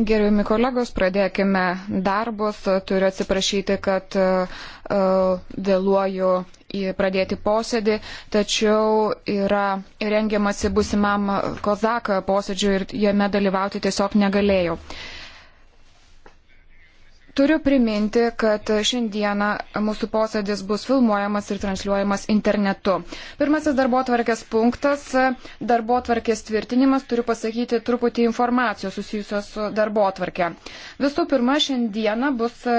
Gerbiami kolegos, pradėkime darbus. Turiu atsiprašyti, kad e, e, vėluoju pradėti posėdį, tačiau yra rengiamasi busimam Kozaka posėdžiui ir jame dalyvauti tiesiog negalėjau. Turiu priminti, kad šiandieną mūsų posėdis bus filmuojamas ir transliuojamas internetu. Pirmasis darbo tvarkės punktas - darbo tvarkės tvirtinimas. Turiu pasakyti truputį informacijos susijusios su darbo tvarkė. Visų pirma, šiandieną bus e,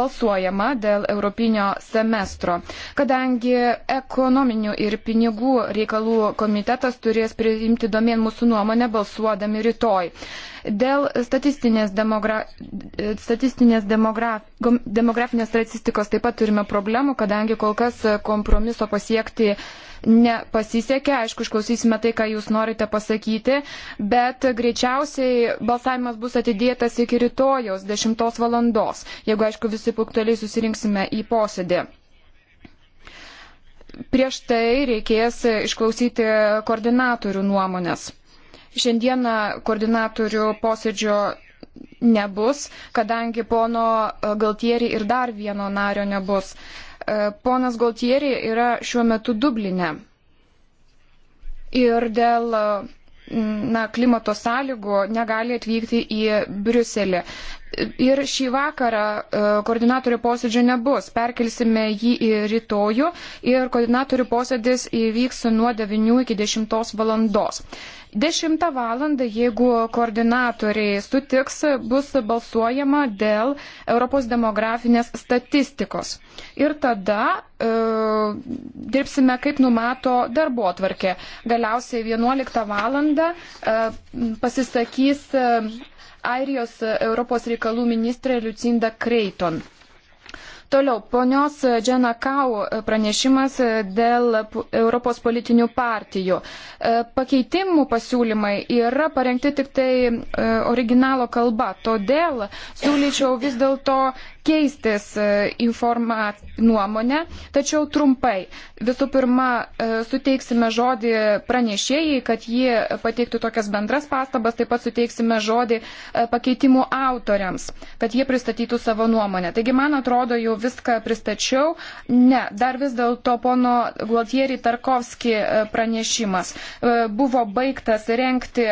balsuojama dėl Europinio semestro, kadangi ekonominių ir pinigų reikalų komitetas turės priimti domen mūsų nuomonę balsuodami rytoj. Dėl statistinės, demogra statistinės demogra demografinės statistikos taip pat turime problemų, kadangi kol kas kompromiso pasiekti nepasisekė. Aišku, išklausysime tai, ką jūs norite pasakyti, bet greičiausiai balsavimas bus atidėtas iki rytojos 10 valandos, jeigu, aišku, visi punktualiai susirinksime į posėdį prieš tai reikės išklausyti koordinatorių nuomonės. Šiandieną koordinatorių posėdžio nebus, kadangi pono e, Galtieri ir dar vieno nario nebus. E, ponas Galtieri yra šiuo metu Dubline. Ir dėl e, na, klimato sąlygų negali atvykti į Briuselį. Ir šį vakarą e, koordinatorių posėdžio nebus. Perkelsime jį į rytojų ir koordinatorių posėdis įvyks nuo 9 iki 10 valandos. 10 valandą, jeigu koordinatoriai sutiks, bus balsuojama dėl Europos demografinės statistikos. Ir tada e, dirbsime, kaip numato darbo atvarkė. Galiausiai 11 valandą e, pasisakys. E, Airijos Europos reikalų ministrė Lucinda Kreiton. Toliau, ponios Džena Kau pranešimas dėl Europos politinių partijų. E, pakeitimų pasiūlymai yra parengti tik tai e, originalo kalba, todėl siūlyčiau vis dėlto keistis e, informa nuomonę, tačiau trumpai. Visų pirma, e, suteiksime žodį pranešėjai, kad jie pateiktų tokias bendras pastabas, taip pat suteiksime žodį e, pakeitimų autoriams, kad jie pristatytų savo nuomonę. Taigi, man atrodo, jau viską pristačiau. Ne, dar vis dėlto pono Glotierį Tarkovskį pranešimas buvo baigtas renkti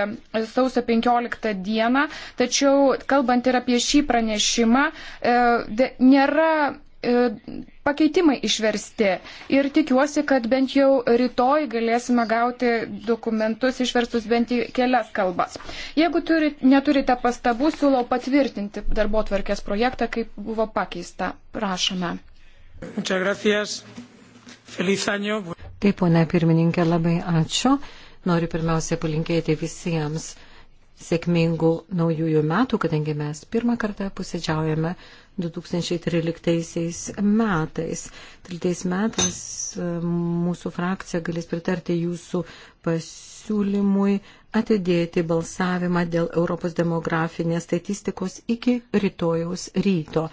sausio 15 dieną, tačiau kalbant ir apie šį pranešimą, nėra e, pakeitimai išversti. Ir tikiuosi, kad bent jau rytoj galėsime gauti dokumentus išverstus bent į kelias kalbas. Jeigu turit, neturite pastabų, siūlau patvirtinti darbo tvarkės projektą, kaip buvo pakeista. Prašome. Taip, ponia pirmininkė, labai ačiū. Noriu pirmiausia palinkėti visiems sėkmingų naujųjų metų, kadangi mes pirmą kartą pusėdžiaujame 2013 metais. 13 metais e, mūsų frakcija galės pritarti jūsų pasiūlymui atidėti balsavimą dėl Europos demografinės statistikos iki rytojaus ryto.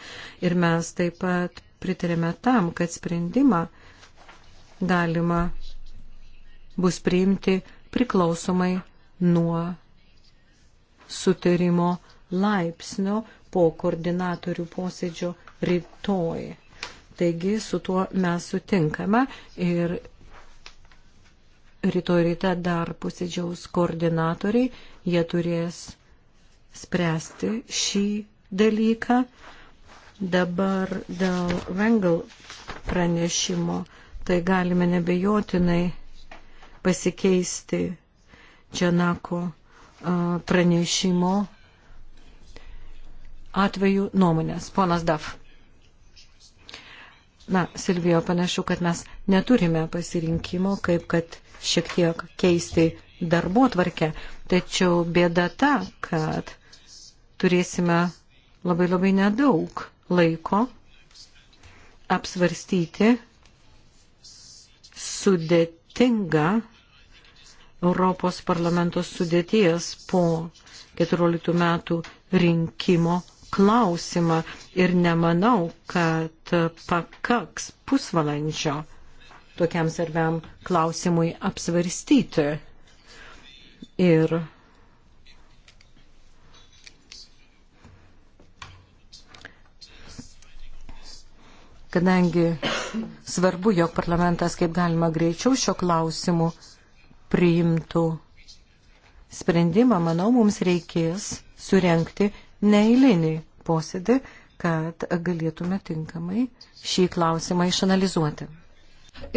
Ir mes taip pat pritarėme tam, kad sprendimą galima bus priimti priklausomai nuo sutarimo laipsnio po koordinatorių posėdžio rytoj. Taigi su tuo mes sutinkame ir rytoj ryte dar posėdžiaus koordinatoriai, jie turės spręsti šį dalyką. Dabar dėl Vengel pranešimo, tai galime nebejotinai pasikeisti Čenako pranešimo atveju nuomonės. Ponas Daf. Na, Silvijo, panašu, kad mes neturime pasirinkimo, kaip kad šiek tiek keisti darbo tvarkę. Tačiau bėda ta, kad turėsime labai labai nedaug laiko apsvarstyti sudėtingą Europos parlamento sudėties po 14 metų rinkimo klausimą ir nemanau, kad pakaks pusvalandžio tokiam svarbiam klausimui apsvarstyti. Ir kadangi svarbu, jog parlamentas kaip galima greičiau šio klausimu priimtų sprendimą, manau, mums reikės surenkti neįlinį posėdį, kad galėtume tinkamai šį klausimą išanalizuoti.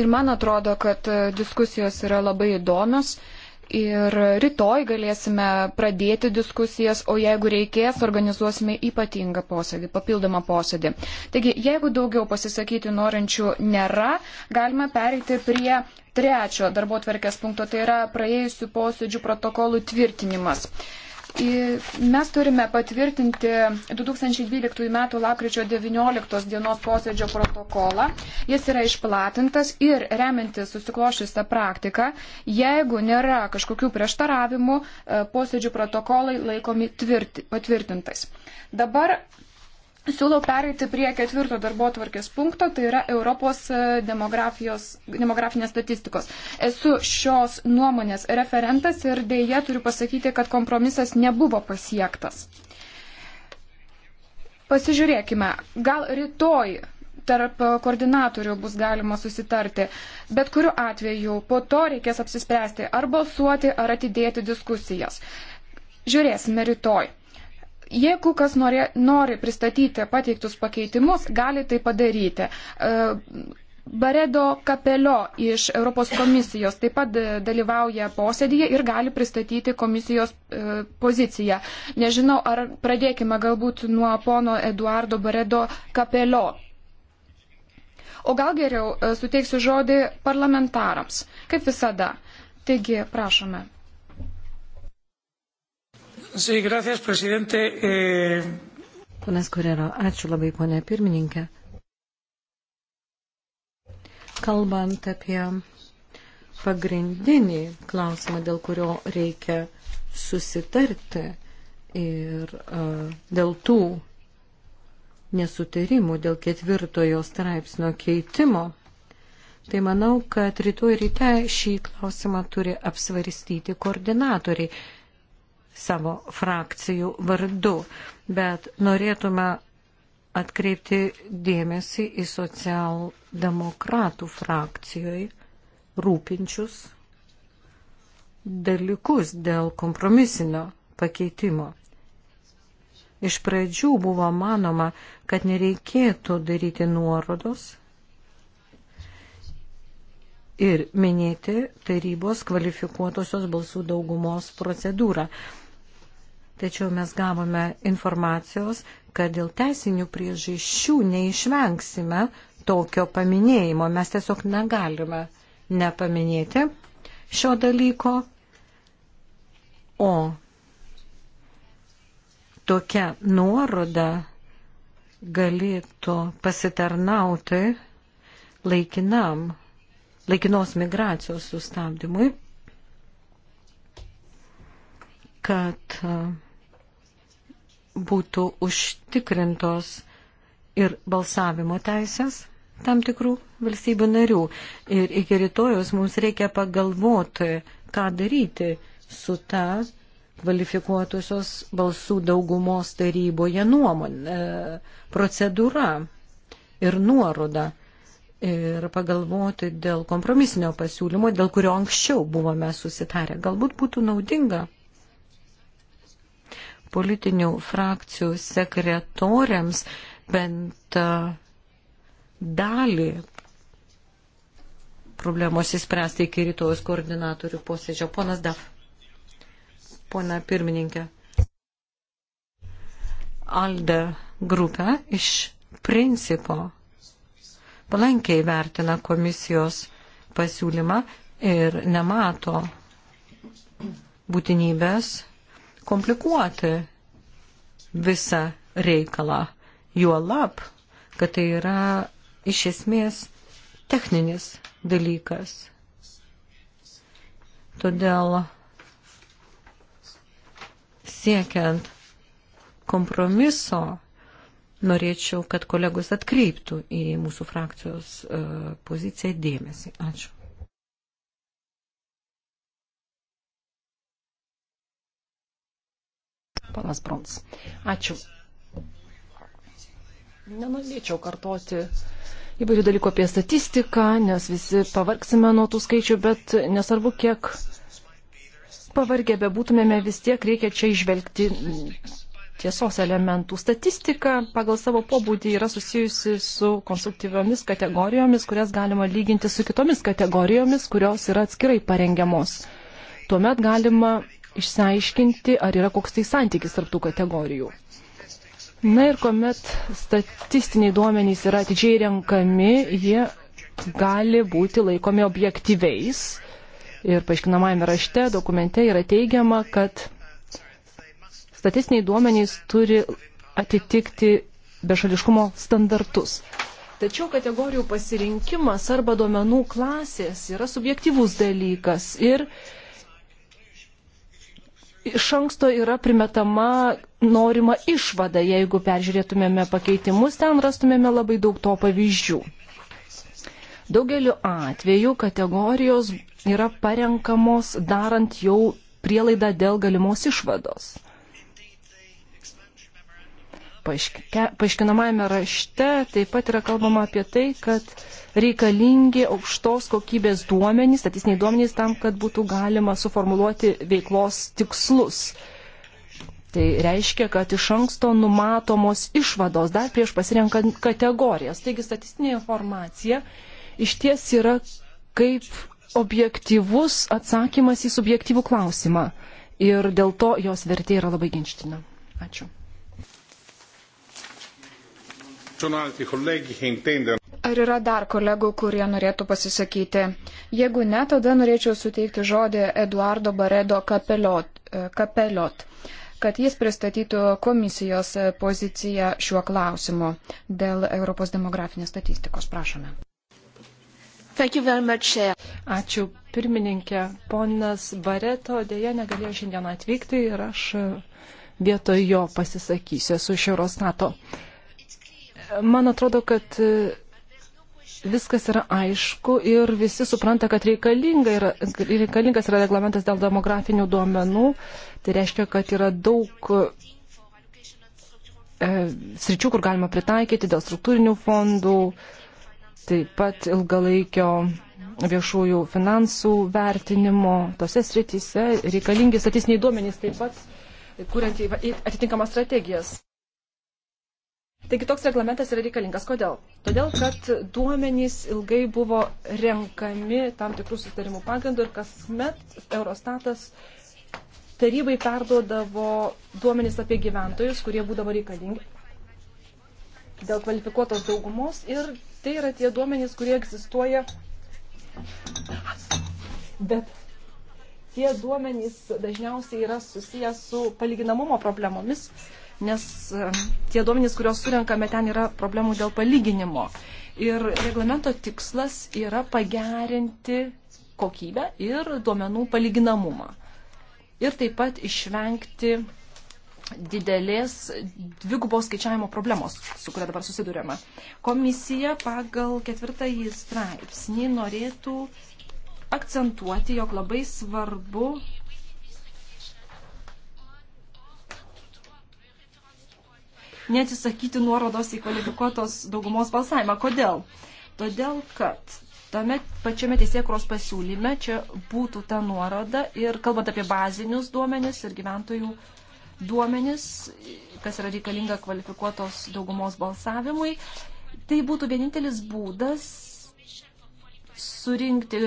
Ir man atrodo, kad diskusijos yra labai įdomios Ir rytoj galėsime pradėti diskusijas, o jeigu reikės, organizuosime ypatingą posėdį, papildomą posėdį. Taigi, jeigu daugiau pasisakyti norinčių nėra, galime pereiti prie trečio darbo tvarkės punkto, tai yra praėjusių posėdžių protokolų tvirtinimas. Mes turime patvirtinti 2012 m. lapkričio 19 dienos posėdžio protokolą. Jis yra išplatintas ir remiantis susiklošusią praktiką, jeigu nėra kažkokių prieštaravimų, e, posėdžių protokolai laikomi tvirti, patvirtintais. Dabar Siūlau pereiti prie ketvirto darbo tvarkės punkto, tai yra Europos e, demografinės statistikos. Esu šios nuomonės referentas ir dėje turiu pasakyti, kad kompromisas nebuvo pasiektas. Pasižiūrėkime, gal rytoj tarp koordinatorių bus galima susitarti, bet kuriu atveju po to reikės apsispręsti ar balsuoti, ar atidėti diskusijas. Žiūrėsime rytoj. Jeigu kas norė, nori pristatyti pateiktus pakeitimus, gali tai padaryti. E, Baredo Kapelio iš Europos komisijos taip pat dalyvauja posėdėje ir gali pristatyti komisijos e, poziciją. Nežinau, ar pradėkime galbūt nuo pono Eduardo Baredo Kapelio. O gal geriau e, suteiksiu žodį parlamentarams, kaip visada. Taigi, prašome. Sí, gracias, presidente. E... Ponas Korero, ačiū labai, ponė pirmininkė. Kalbant apie pagrindinį klausimą, dėl kurio reikia susitarti ir uh, dėl tų nesutarimų, dėl ketvirtojo straipsnio keitimo, tai manau, kad rytoj ryte šį klausimą turi apsvarstyti koordinatoriai savo frakcijų vardu, bet norėtume atkreipti dėmesį į socialdemokratų frakcijoje rūpinčius dalykus dėl kompromisinio pakeitimo. Iš pradžių buvo manoma, kad nereikėtų daryti nuorodos ir minėti tarybos kvalifikuotosios balsų daugumos procedūrą tačiau mes gavome informacijos, kad dėl teisinių priežasčių neišvengsime tokio paminėjimo. Mes tiesiog negalime nepaminėti šio dalyko. O tokia nuoroda galėtų pasitarnauti laikinam, laikinos migracijos sustabdymui, kad uh, būtų užtikrintos ir balsavimo teisės tam tikrų valstybių narių. Ir iki rytojus mums reikia pagalvoti, ką daryti su ta kvalifikuotusios balsų daugumos taryboje nuomonė, e, procedūra ir nuoroda. Ir pagalvoti dėl kompromisinio pasiūlymo, dėl kurio anksčiau buvome susitarę. Galbūt būtų naudinga politinių frakcijų sekretoriams bent dalį problemos įspręsti iki rytojus koordinatorių posėdžio. Ponas Daf. Pona pirmininkė. Alde grupė iš principo palankiai vertina komisijos pasiūlymą ir nemato būtinybės komplikuoti visą reikalą, juo lab, kad tai yra iš esmės techninis dalykas. Todėl siekiant kompromiso norėčiau, kad kolegos atkreiptų į mūsų frakcijos e, poziciją dėmesį. Ačiū. Panas Brons. Ačiū. Nenorėčiau kartoti įvairių dalykų apie statistiką, nes visi pavargsime nuo tų skaičių, bet nesvarbu, kiek pavargę bebūtumėme, vis tiek reikia čia išvelgti tiesos elementų. Statistika pagal savo pobūdį yra susijusi su konstruktyviomis kategorijomis, kurias galima lyginti su kitomis kategorijomis, kurios yra atskirai parengiamos. Tuomet galima išsiaiškinti, ar yra koks tai santykis tarp tų kategorijų. Na ir kuomet statistiniai duomenys yra atidžiai renkami, jie gali būti laikomi objektyviais. Ir paaiškinamajame rašte dokumente yra teigiama, kad statistiniai duomenys turi atitikti bešališkumo standartus. Tačiau kategorijų pasirinkimas arba duomenų klasės yra subjektyvus dalykas ir iš anksto yra primetama norima išvada, jeigu peržiūrėtumėme pakeitimus, ten rastumėme labai daug to pavyzdžių. Daugeliu atveju kategorijos yra parenkamos darant jau prielaidą dėl galimos išvados paaiškinamajame rašte taip pat yra kalbama apie tai, kad reikalingi aukštos kokybės duomenys, statistiniai duomenys tam, kad būtų galima suformuluoti veiklos tikslus. Tai reiškia, kad iš anksto numatomos išvados dar prieš pasirenkant kategorijas. Taigi statistinė informacija iš ties yra kaip objektyvus atsakymas į subjektyvų klausimą. Ir dėl to jos vertė yra labai ginština. Ačiū. Ar yra dar kolegų, kurie norėtų pasisakyti? Jeigu ne, tada norėčiau suteikti žodį Eduardo Baredo Kapeliot, e, Kapeliot kad jis pristatytų komisijos poziciją šiuo klausimu dėl Europos demografinės statistikos. Prašome. Much, Ačiū pirmininkė. Ponas Bareto dėja negalėjo šiandien atvykti ir aš vietoj jo pasisakysiu. Esu iš Eurostato. Uh, Man atrodo, kad e, viskas yra aišku ir visi supranta, kad reikalinga yra, reikalingas yra reglamentas dėl demografinių duomenų. Tai reiškia, kad yra daug e, sričių, kur galima pritaikyti dėl struktūrinių fondų, taip pat ilgalaikio viešųjų finansų vertinimo. Tose srityse reikalingi statistiniai duomenys taip pat, kuriant atitinkamas strategijas. Taigi toks reglamentas yra reikalingas. Kodėl? Todėl, kad duomenys ilgai buvo renkami tam tikrų sustarimų pagrindų ir kasmet Eurostatas tarybai perduodavo duomenys apie gyventojus, kurie būdavo reikalingi dėl kvalifikuotos daugumos ir tai yra tie duomenys, kurie egzistuoja. Bet tie duomenys dažniausiai yra susijęs su palyginamumo problemomis nes e, tie duomenys, kuriuos surinkame, ten yra problemų dėl palyginimo. Ir reglamento tikslas yra pagerinti kokybę ir duomenų palyginamumą. Ir taip pat išvengti didelės dvigubos skaičiavimo problemos, su kuria dabar susidurėme. Komisija pagal ketvirtąjį straipsnį norėtų akcentuoti, jog labai svarbu neatsisakyti nuorodos į kvalifikuotos daugumos balsavimą. Kodėl? Todėl, kad tame pačiame teisėkros pasiūlyme čia būtų ta nuoroda ir kalbant apie bazinius duomenis ir gyventojų duomenis, kas yra reikalinga kvalifikuotos daugumos balsavimui, tai būtų vienintelis būdas surinkti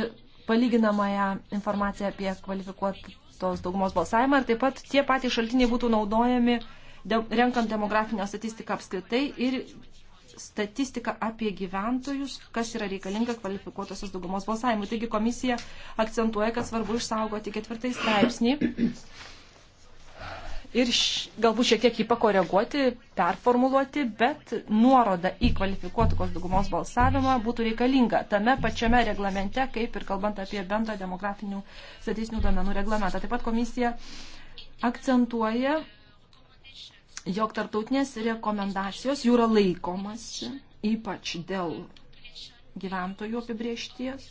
palyginamąją informaciją apie kvalifikuotos daugumos balsavimą ir taip pat tie patys šaltiniai būtų naudojami uh, de, renkant demografinę statistiką apskritai ir statistiką apie gyventojus, kas yra reikalinga kvalifikuotosios daugumos balsavimui. Taigi komisija akcentuoja, kad svarbu išsaugoti ketvirtai straipsnį ir š, galbūt šiek tiek jį pakoreguoti, performuluoti, bet nuoroda į kvalifikuotos daugumos balsavimą būtų reikalinga tame pačiame reglamente, kaip ir kalbant apie bendrą demografinių statistinių duomenų reglamentą. Taip pat komisija akcentuoja jog tarptautinės rekomendacijos jų yra laikomasi, ypač dėl gyventojų apibriešties.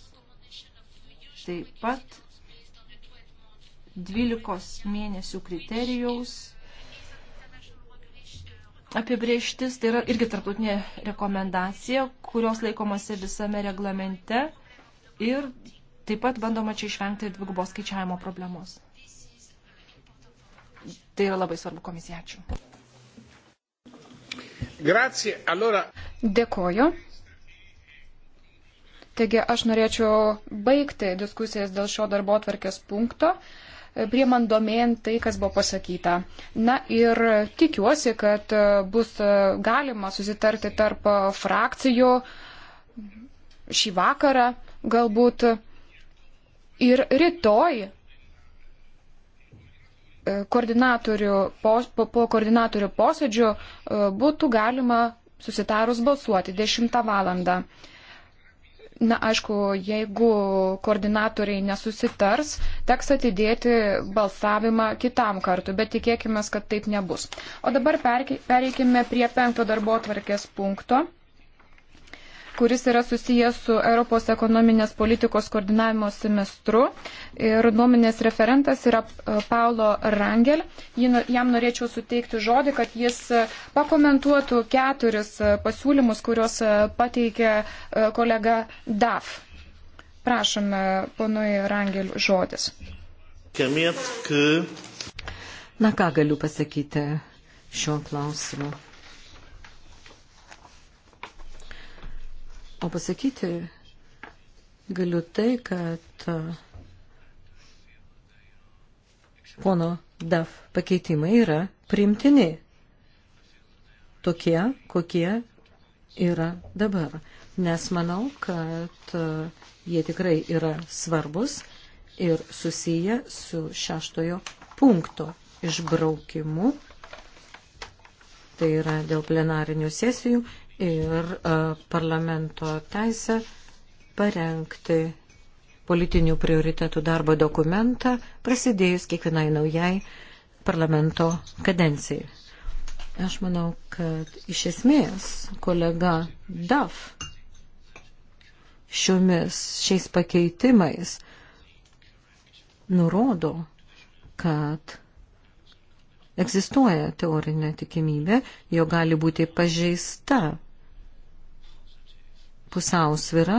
Taip pat 12 mėnesių kriterijaus apibrieštis, tai yra irgi tarptautinė rekomendacija, kurios laikomasi visame reglamente ir taip pat bandoma čia išvengti dvigubos skaičiavimo problemos. Tai yra labai svarbu komisijačių. Grazie, allora. Dėkoju. Taigi aš norėčiau baigti diskusijas dėl šio darbo atvarkės punkto prie man domėn tai, kas buvo pasakyta. Na ir tikiuosi, kad bus galima susitarti tarp frakcijų šį vakarą galbūt ir rytoj E, koordinatorių, po, po koordinatorių posėdžių e, būtų galima susitarus balsuoti 10 valandą. Na, aišku, jeigu koordinatoriai nesusitars, teks atidėti balsavimą kitam kartu, bet tikėkime, kad taip nebus. O dabar pereikime prie penkto darbo tvarkės punkto kuris yra susijęs su Europos ekonominės politikos koordinavimo semestru. Ir nuomonės referentas yra e, Paulo Rangel. Jam norėčiau suteikti žodį, kad jis e, pakomentuotų keturis e, pasiūlymus, kuriuos pateikė kolega DAF. Prašome, ponui Rangel, žodis. Na ką galiu pasakyti šiuo klausimu? O pasakyti galiu tai, kad pono DAF pakeitimai yra primtini. Tokie, kokie yra dabar. Nes manau, kad jie tikrai yra svarbus ir susiję su šeštojo punkto išbraukimu, tai yra dėl plenarinių sesijų ir e, parlamento teisę parengti politinių prioritetų darbo dokumentą prasidėjus kiekvienai naujai parlamento kadencijai. Aš manau, kad iš esmės kolega DAF šiomis šiais pakeitimais nurodo, kad egzistuoja teorinė tikimybė, jo gali būti pažeista pusiausvyrą,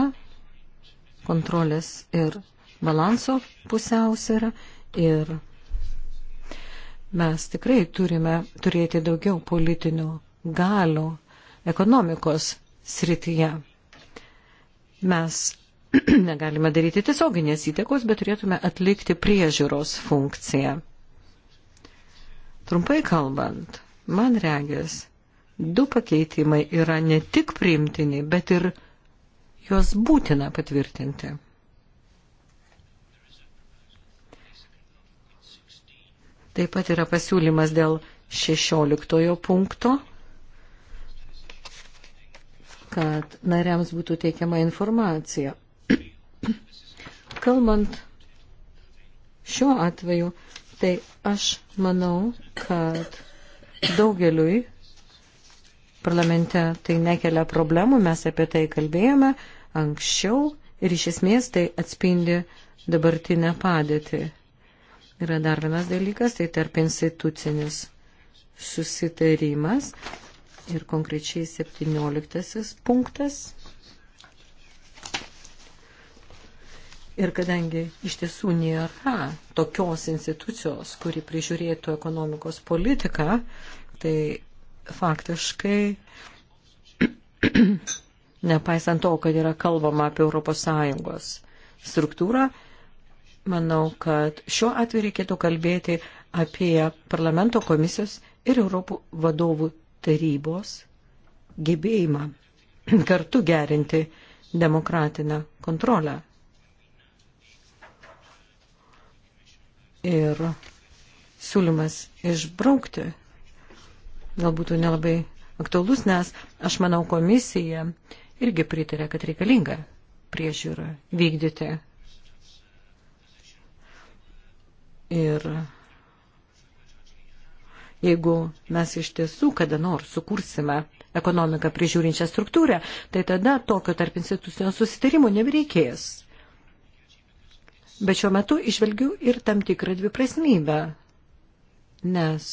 kontrolės ir balanso pusiausvyrą ir mes tikrai turime turėti daugiau politinių galių ekonomikos srityje. Mes negalime daryti tiesioginės įtakos, bet turėtume atlikti priežiūros funkciją. Trumpai kalbant, man regis, du pakeitimai yra ne tik priimtini, bet ir priimtini Juos būtina patvirtinti. Taip pat yra pasiūlymas dėl 16 punkto, kad nariams būtų teikiama informacija. Kalbant šiuo atveju, tai aš manau, kad daugeliui parlamente tai nekelia problemų, mes apie tai kalbėjome anksčiau ir iš esmės tai atspindi dabartinę padėtį. Yra dar vienas dalykas, tai tarp institucinis susitarimas ir konkrečiai 17 punktas. Ir kadangi iš tiesų nėra tokios institucijos, kuri prižiūrėtų ekonomikos politiką, tai faktiškai, nepaisant to, kad yra kalbama apie ES struktūrą, manau, kad šiuo atveju reikėtų kalbėti apie parlamento komisijos ir Europų vadovų tarybos gebėjimą kartu gerinti demokratinę kontrolę. Ir siūlymas išbraukti gal būtų tai nelabai aktualus, nes aš manau komisija irgi pritarė, kad reikalinga priežiūra vykdyti. Ir jeigu mes iš tiesų kada nors sukursime ekonomiką prižiūrinčią struktūrą, tai tada tokio tarp institucijos susitarimo nebereikės. Bet šiuo metu išvelgiu ir tam tikrą dviprasmybę, nes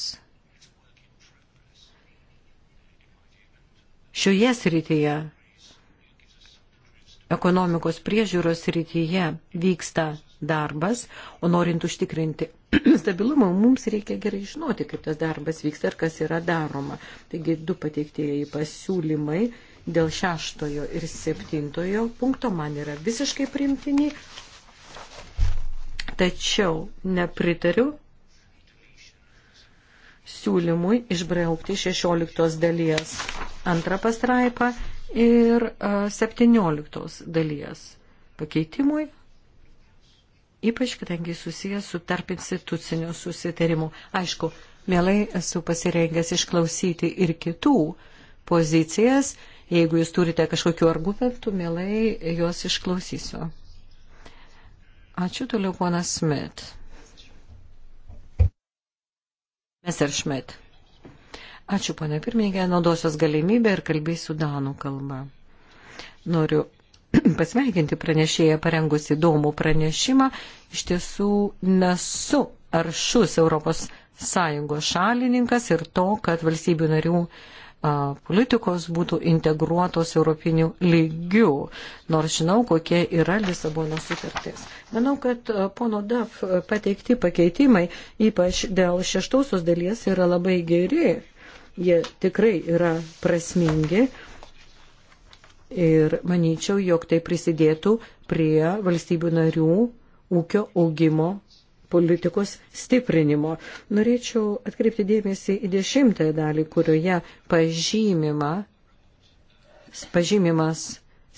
Šioje srityje, ekonomikos priežiūros srityje vyksta darbas, o norint užtikrinti stabilumą, mums reikia gerai žinoti, kaip tas darbas vyksta ir kas yra daroma. Taigi du pateiktieji pasiūlymai dėl šeštojo ir septintojo punkto man yra visiškai primtini, tačiau nepritariu siūlymui išbraukti 16 dalies antrą pastraipą ir 17 e, dalies pakeitimui, ypač kadangi susijęs su tarp institucinio susitarimu. Aišku, mielai esu pasirengęs išklausyti ir kitų pozicijas. Jeigu jūs turite kažkokių argumentų, mielai juos išklausysiu. Ačiū toliau, ponas Smith. Messerschmidt. Ačiū, ponia pirmininkė, naudosios galimybę ir kalbėsiu danų kalbą. Noriu pasveikinti pranešėją parengus įdomų pranešimą. Iš tiesų nesu aršus Europos Sąjungos šalininkas ir to, kad valstybių narių uh, politikos būtų integruotos europinių lygių, nors žinau, kokie yra Lisabono sutartis. Manau, kad pono DAF pateikti pakeitimai, ypač dėl šeštosios dalies, yra labai geri. Jie tikrai yra prasmingi ir manyčiau, jog tai prisidėtų prie valstybių narių ūkio augimo politikos stiprinimo. Norėčiau atkreipti dėmesį į dešimtąją dalį, kurioje pažymima, pažymimas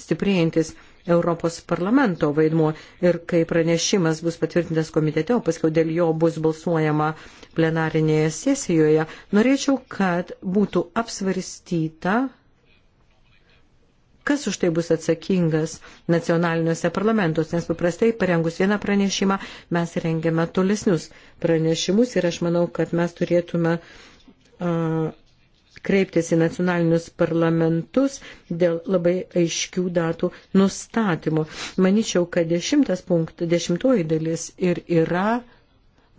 stiprėjantis Europos parlamento vaidmuo ir kai pranešimas bus patvirtintas komitete, o paskui dėl jo bus balsuojama plenarinėje sesijoje, norėčiau, kad būtų apsvarstyta kas už tai bus atsakingas nacionaliniuose parlamentuose, nes paprastai parengus vieną pranešimą mes rengiame tolesnius pranešimus ir aš manau, kad mes turėtume uh, kreiptis į nacionalinius parlamentus dėl labai aiškių datų nustatymo. Maničiau, kad dešimtas punkt, dešimtoji dalis ir yra uh,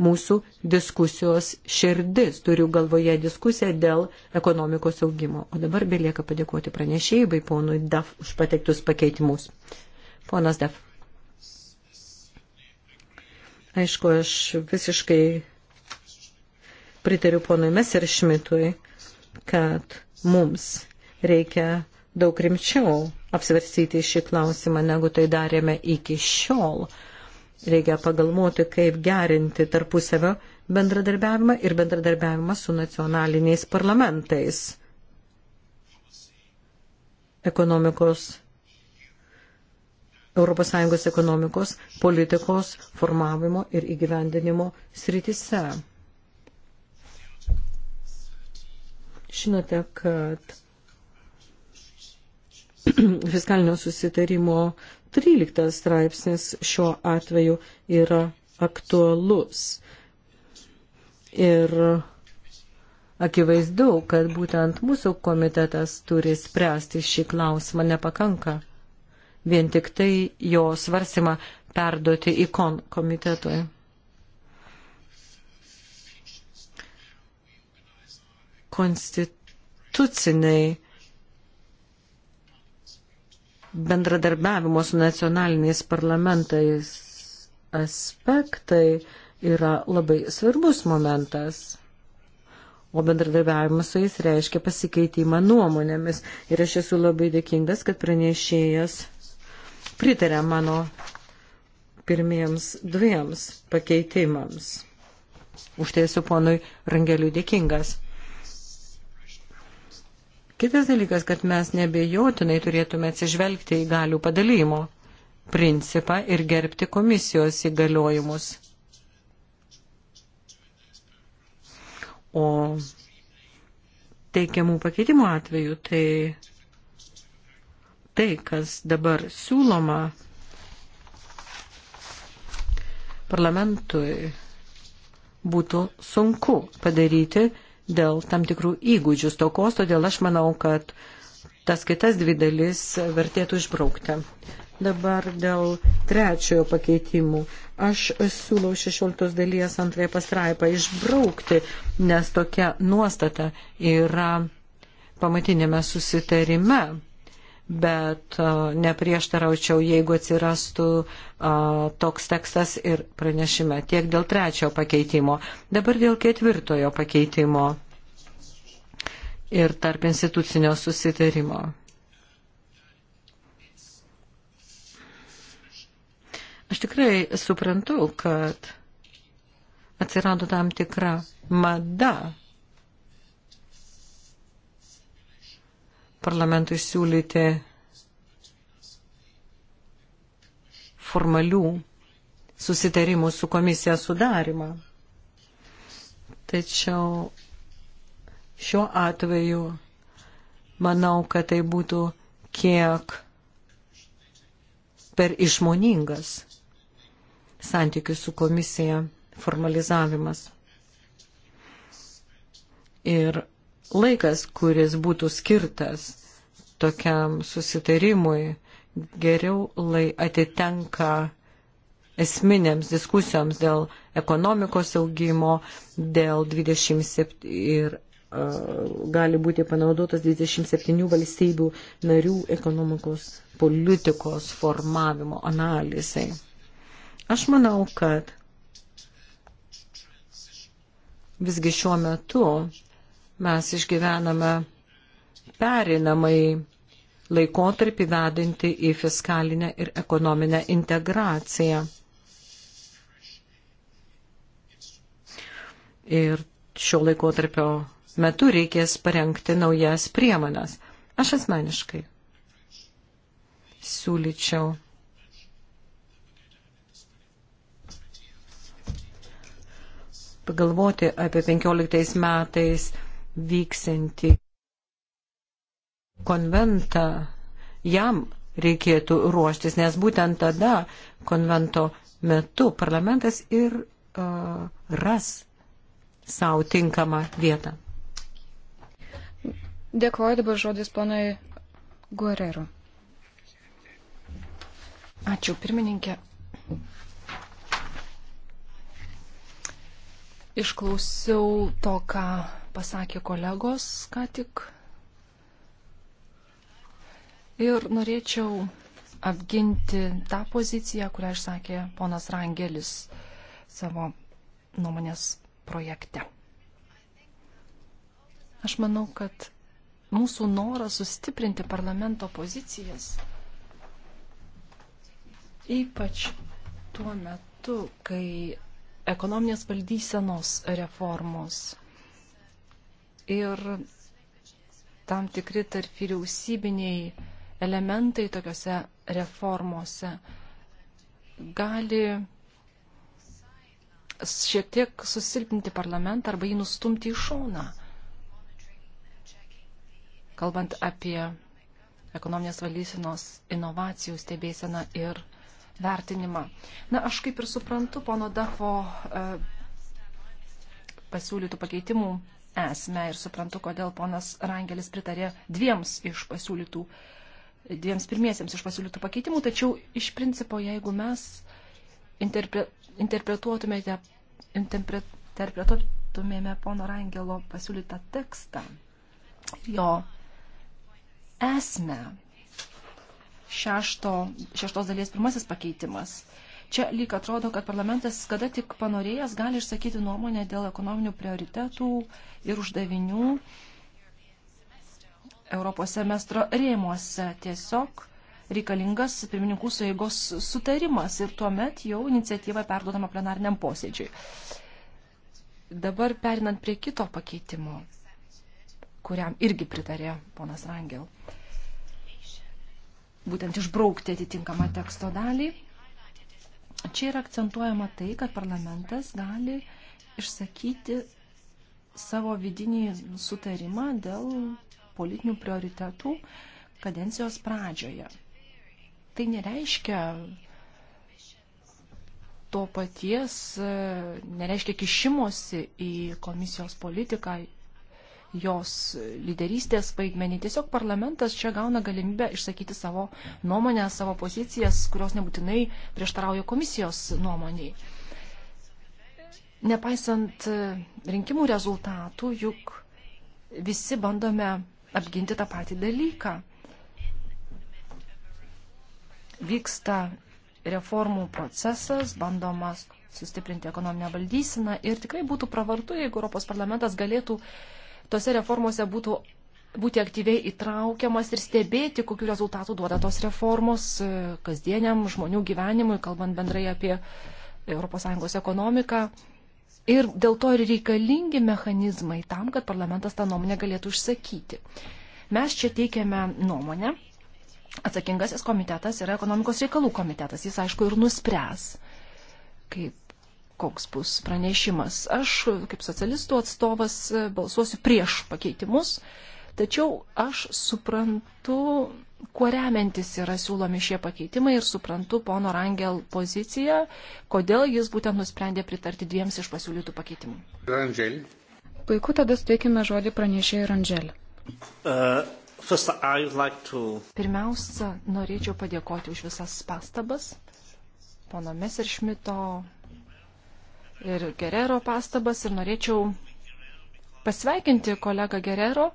mūsų diskusijos širdis. Turiu galvoje diskusiją dėl ekonomikos augimo. O dabar belieka padėkoti pranešėjai bei ponui DAF už pateiktus pakeitimus. Ponas DAF. Aišku, aš visiškai pritariu ponui Messeršmitui, kad mums reikia daug rimčiau apsvarstyti šį klausimą, negu tai darėme iki šiol. Reikia pagalvoti, kaip gerinti tarpusavio bendradarbiavimą ir bendradarbiavimą su nacionaliniais parlamentais. Ekonomikos, ES ekonomikos, politikos formavimo ir įgyvendinimo srityse. Žinote, kad fiskalinio susitarimo 13 straipsnis šiuo atveju yra aktualus. Ir akivaizdu, kad būtent mūsų komitetas turi spręsti šį klausimą nepakanka. Vien tik tai jo svarsimą perduoti į kon komitetui. Konstituciniai bendradarbiavimo su nacionaliniais parlamentais aspektai yra labai svarbus momentas. O bendradarbiavimas su jais reiškia pasikeitimą nuomonėmis. Ir aš esu labai dėkingas, kad pranešėjas pritarė mano pirmiems dviems pakeitimams. Už tai esu ponui Rangeliu dėkingas. Kitas dalykas, kad mes nebejotinai turėtume atsižvelgti į galių padalymo principą ir gerbti komisijos įgaliojimus. O teikiamų pakeitimų atveju tai tai, kas dabar siūloma parlamentui, būtų sunku padaryti dėl tam tikrų įgūdžių stokos, todėl aš manau, kad tas kitas dvi dalis vertėtų išbraukti. Dabar dėl trečiojo pakeitimų. Aš siūlau 16 dalies antrąją pastraipą išbraukti, nes tokia nuostata yra pamatinėme susitarime bet neprieštaraučiau, jeigu atsirastų toks tekstas ir pranešime. Tiek dėl trečiojo pakeitimo. Dabar dėl ketvirtojo pakeitimo ir tarp institucinio susitarimo. Aš tikrai suprantu, kad atsirado tam tikra mada parlamentui siūlyti formalių susitarimų su komisija sudarimą. Tačiau šiuo atveju manau, kad tai būtų kiek per išmoningas santykių su komisija formalizavimas. Ir laikas, kuris būtų skirtas tokiam susitarimui, geriau lai atitenka esminėms diskusijoms dėl ekonomikos augimo, dėl 27 ir uh, gali būti panaudotas 27 valstybių narių ekonomikos politikos formavimo analizai. Aš manau, kad visgi šiuo metu mes išgyvename perinamai laikotarpį vedantį į fiskalinę ir ekonominę integraciją. Ir šio laikotarpio metu reikės parengti naujas priemonės. Aš asmeniškai siūlyčiau pagalvoti apie 15 metais vyksianti konventą, jam reikėtų ruoštis, nes būtent tada konvento metu parlamentas ir uh, ras savo tinkamą vietą. Dėkuoju dabar žodis ponai Guerrero. Ačiū, pirmininkė. Išklausiau to, ką pasakė kolegos ką tik. Ir norėčiau apginti tą poziciją, kurią išsakė ponas Rangelis savo nuomonės projekte. Aš manau, kad mūsų noras sustiprinti parlamento pozicijas, ypač tuo metu, kai ekonominės valdysenos reformos ir tam tikri tarp vyriausybiniai elementai tokiuose reformuose gali šiek tiek susilpninti parlamentą arba jį nustumti į šoną. Kalbant apie ekonominės valdysinos inovacijų stebėseną ir vertinimą. Na, aš kaip ir suprantu pono Dafo e, pasiūlytų pakeitimų esmę ir suprantu, kodėl ponas Rangelis pritarė dviems iš pasiūlytų, dviems pirmiesiems iš pasiūlytų pakeitimų, tačiau iš principo, jeigu mes interpre, interpretuotumėte, interpre, interpretuotumėme pono Rangelo pasiūlytą tekstą ir jo esmę, šešto, šeštos dalies pirmasis pakeitimas – Čia lyg atrodo, kad parlamentas, kada tik panorėjęs, gali išsakyti nuomonę dėl ekonominių prioritetų ir uždavinių Europos semestro rėmuose. Tiesiog reikalingas pirmininkų sueigos sutarimas ir tuomet jau iniciatyva perduodama plenariniam posėdžiui. Dabar perinant prie kito pakeitimo, kuriam irgi pritarė ponas Rangel. Būtent išbraukti atitinkamą teksto dalį Čia yra akcentuojama tai, kad parlamentas gali išsakyti savo vidinį sutarimą dėl politinių prioritetų kadencijos pradžioje. Tai nereiškia to paties, nereiškia kišimosi į komisijos politiką, jos lyderystės vaidmenį. Tiesiog parlamentas čia gauna galimybę išsakyti savo nuomonę, savo pozicijas, kurios nebūtinai prieštarauja komisijos nuomoniai. Nepaisant e, rinkimų rezultatų, juk visi bandome apginti tą patį dalyką. Vyksta reformų procesas, bandomas sustiprinti ekonominę valdysiną ir tikrai būtų pravartu, jeigu Europos parlamentas galėtų uh, tose reformose būtų būti aktyviai įtraukiamas ir stebėti, kokiu rezultatu duoda tos reformos e, kasdieniam žmonių gyvenimui, kalbant bendrai apie ES ekonomiką. Ir dėl to ir reikalingi mechanizmai tam, kad parlamentas tą nuomonę galėtų išsakyti. Mes čia teikiame nuomonę. Atsakingasis komitetas yra ekonomikos reikalų komitetas. Jis, aišku, ir nuspręs, kaip koks bus pranešimas. Aš, kaip socialistų atstovas, balsuosiu prieš pakeitimus, tačiau aš suprantu, kuo remiantis yra siūlomi šie pakeitimai ir suprantu pono Rangel poziciją, kodėl jis būtent nusprendė pritarti dviems iš pasiūlytų pakeitimų. Rangel. Puiku, tada suteikime žodį pranešėjai Rangel. Uh, first, like to... Pirmiausia, norėčiau padėkoti už visas pastabas, pono Messeršmito, ir Gerero pastabas ir norėčiau pasveikinti kolegą Gerero,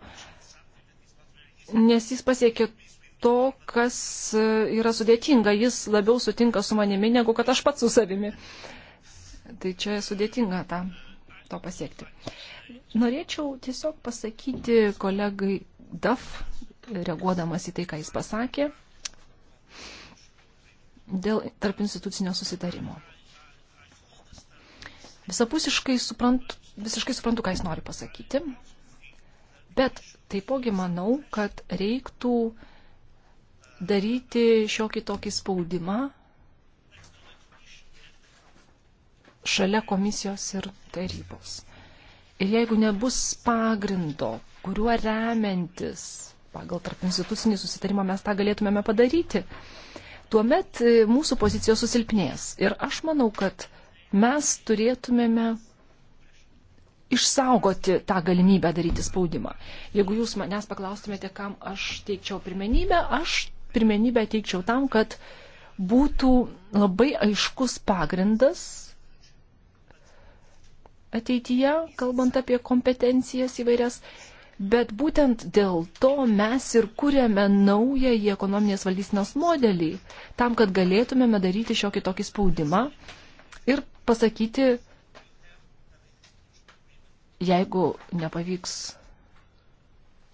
nes jis pasiekė to, kas yra sudėtinga. Jis labiau sutinka su manimi, negu kad aš pats su savimi. Tai čia sudėtinga tą, to pasiekti. Norėčiau tiesiog pasakyti kolegai DAF, reaguodamas į tai, ką jis pasakė, dėl tarp institucinio susitarimo. Visapusiškai suprantu, visiškai suprantu, ką jis nori pasakyti, bet taipogi manau, kad reiktų daryti šiokį tokį spaudimą šalia komisijos ir tarybos. Ir jeigu nebus pagrindo, kuriuo remiantis pagal tarp institucinį susitarimą mes tą galėtumėme padaryti, tuomet mūsų pozicijos susilpnės. Ir aš manau, kad mes turėtumėme išsaugoti tą galimybę daryti spaudimą. Jeigu jūs manęs paklaustumėte, kam aš teikčiau pirmenybę, aš pirmenybę teikčiau tam, kad būtų labai aiškus pagrindas ateityje, kalbant apie kompetencijas įvairias, bet būtent dėl to mes ir kūrėme naują į ekonominės valdysinos modelį, tam, kad galėtumėme daryti šiokį tokį spaudimą ir pasakyti, jeigu nepavyks,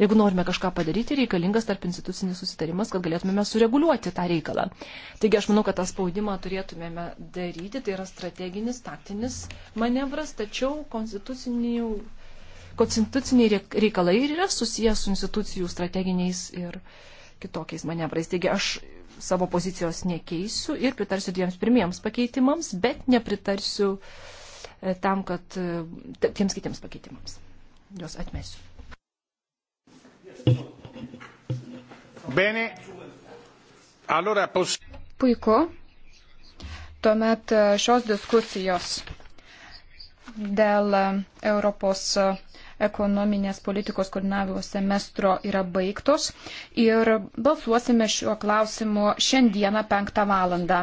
jeigu norime kažką padaryti, reikalingas tarp institucinis susitarimas, kad galėtumėme sureguliuoti tą reikalą. Taigi aš manau, kad tą spaudimą turėtumėme daryti, tai yra strateginis, taktinis manevras, tačiau konstitucinių konstituciniai reikalai ir yra susijęs su institucijų strateginiais ir kitokiais manevrais. Taigi aš savo pozicijos nekeisiu ir pritarsiu dviems pirmiems pakeitimams, bet nepritarsiu e, tam, kad e, tiems kitiems pakeitimams. Jos atmesiu. Bene. Allora pos... Puiku. Tuomet e, šios diskusijos dėl Europos ekonominės politikos koordinavimo semestro yra baigtos ir balsuosime šiuo klausimu šiandieną 5 valandą.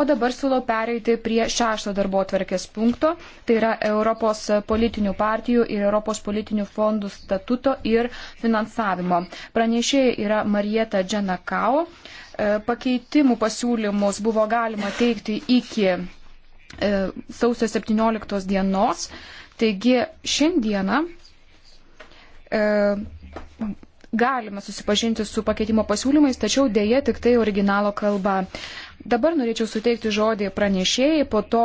O dabar siūlau pereiti prie 6 darbo tvarkės punkto, tai yra Europos politinių partijų ir Europos politinių fondų statuto ir finansavimo. Pranešėjai yra Marieta Džanakao e, pakeitimų pasiūlymus buvo galima teikti iki e, sausio 17 dienos. Taigi šiandieną E, galime susipažinti su pakeitimo pasiūlymais, tačiau dėje tik tai originalo kalba. Dabar norėčiau suteikti žodį pranešėjai, po to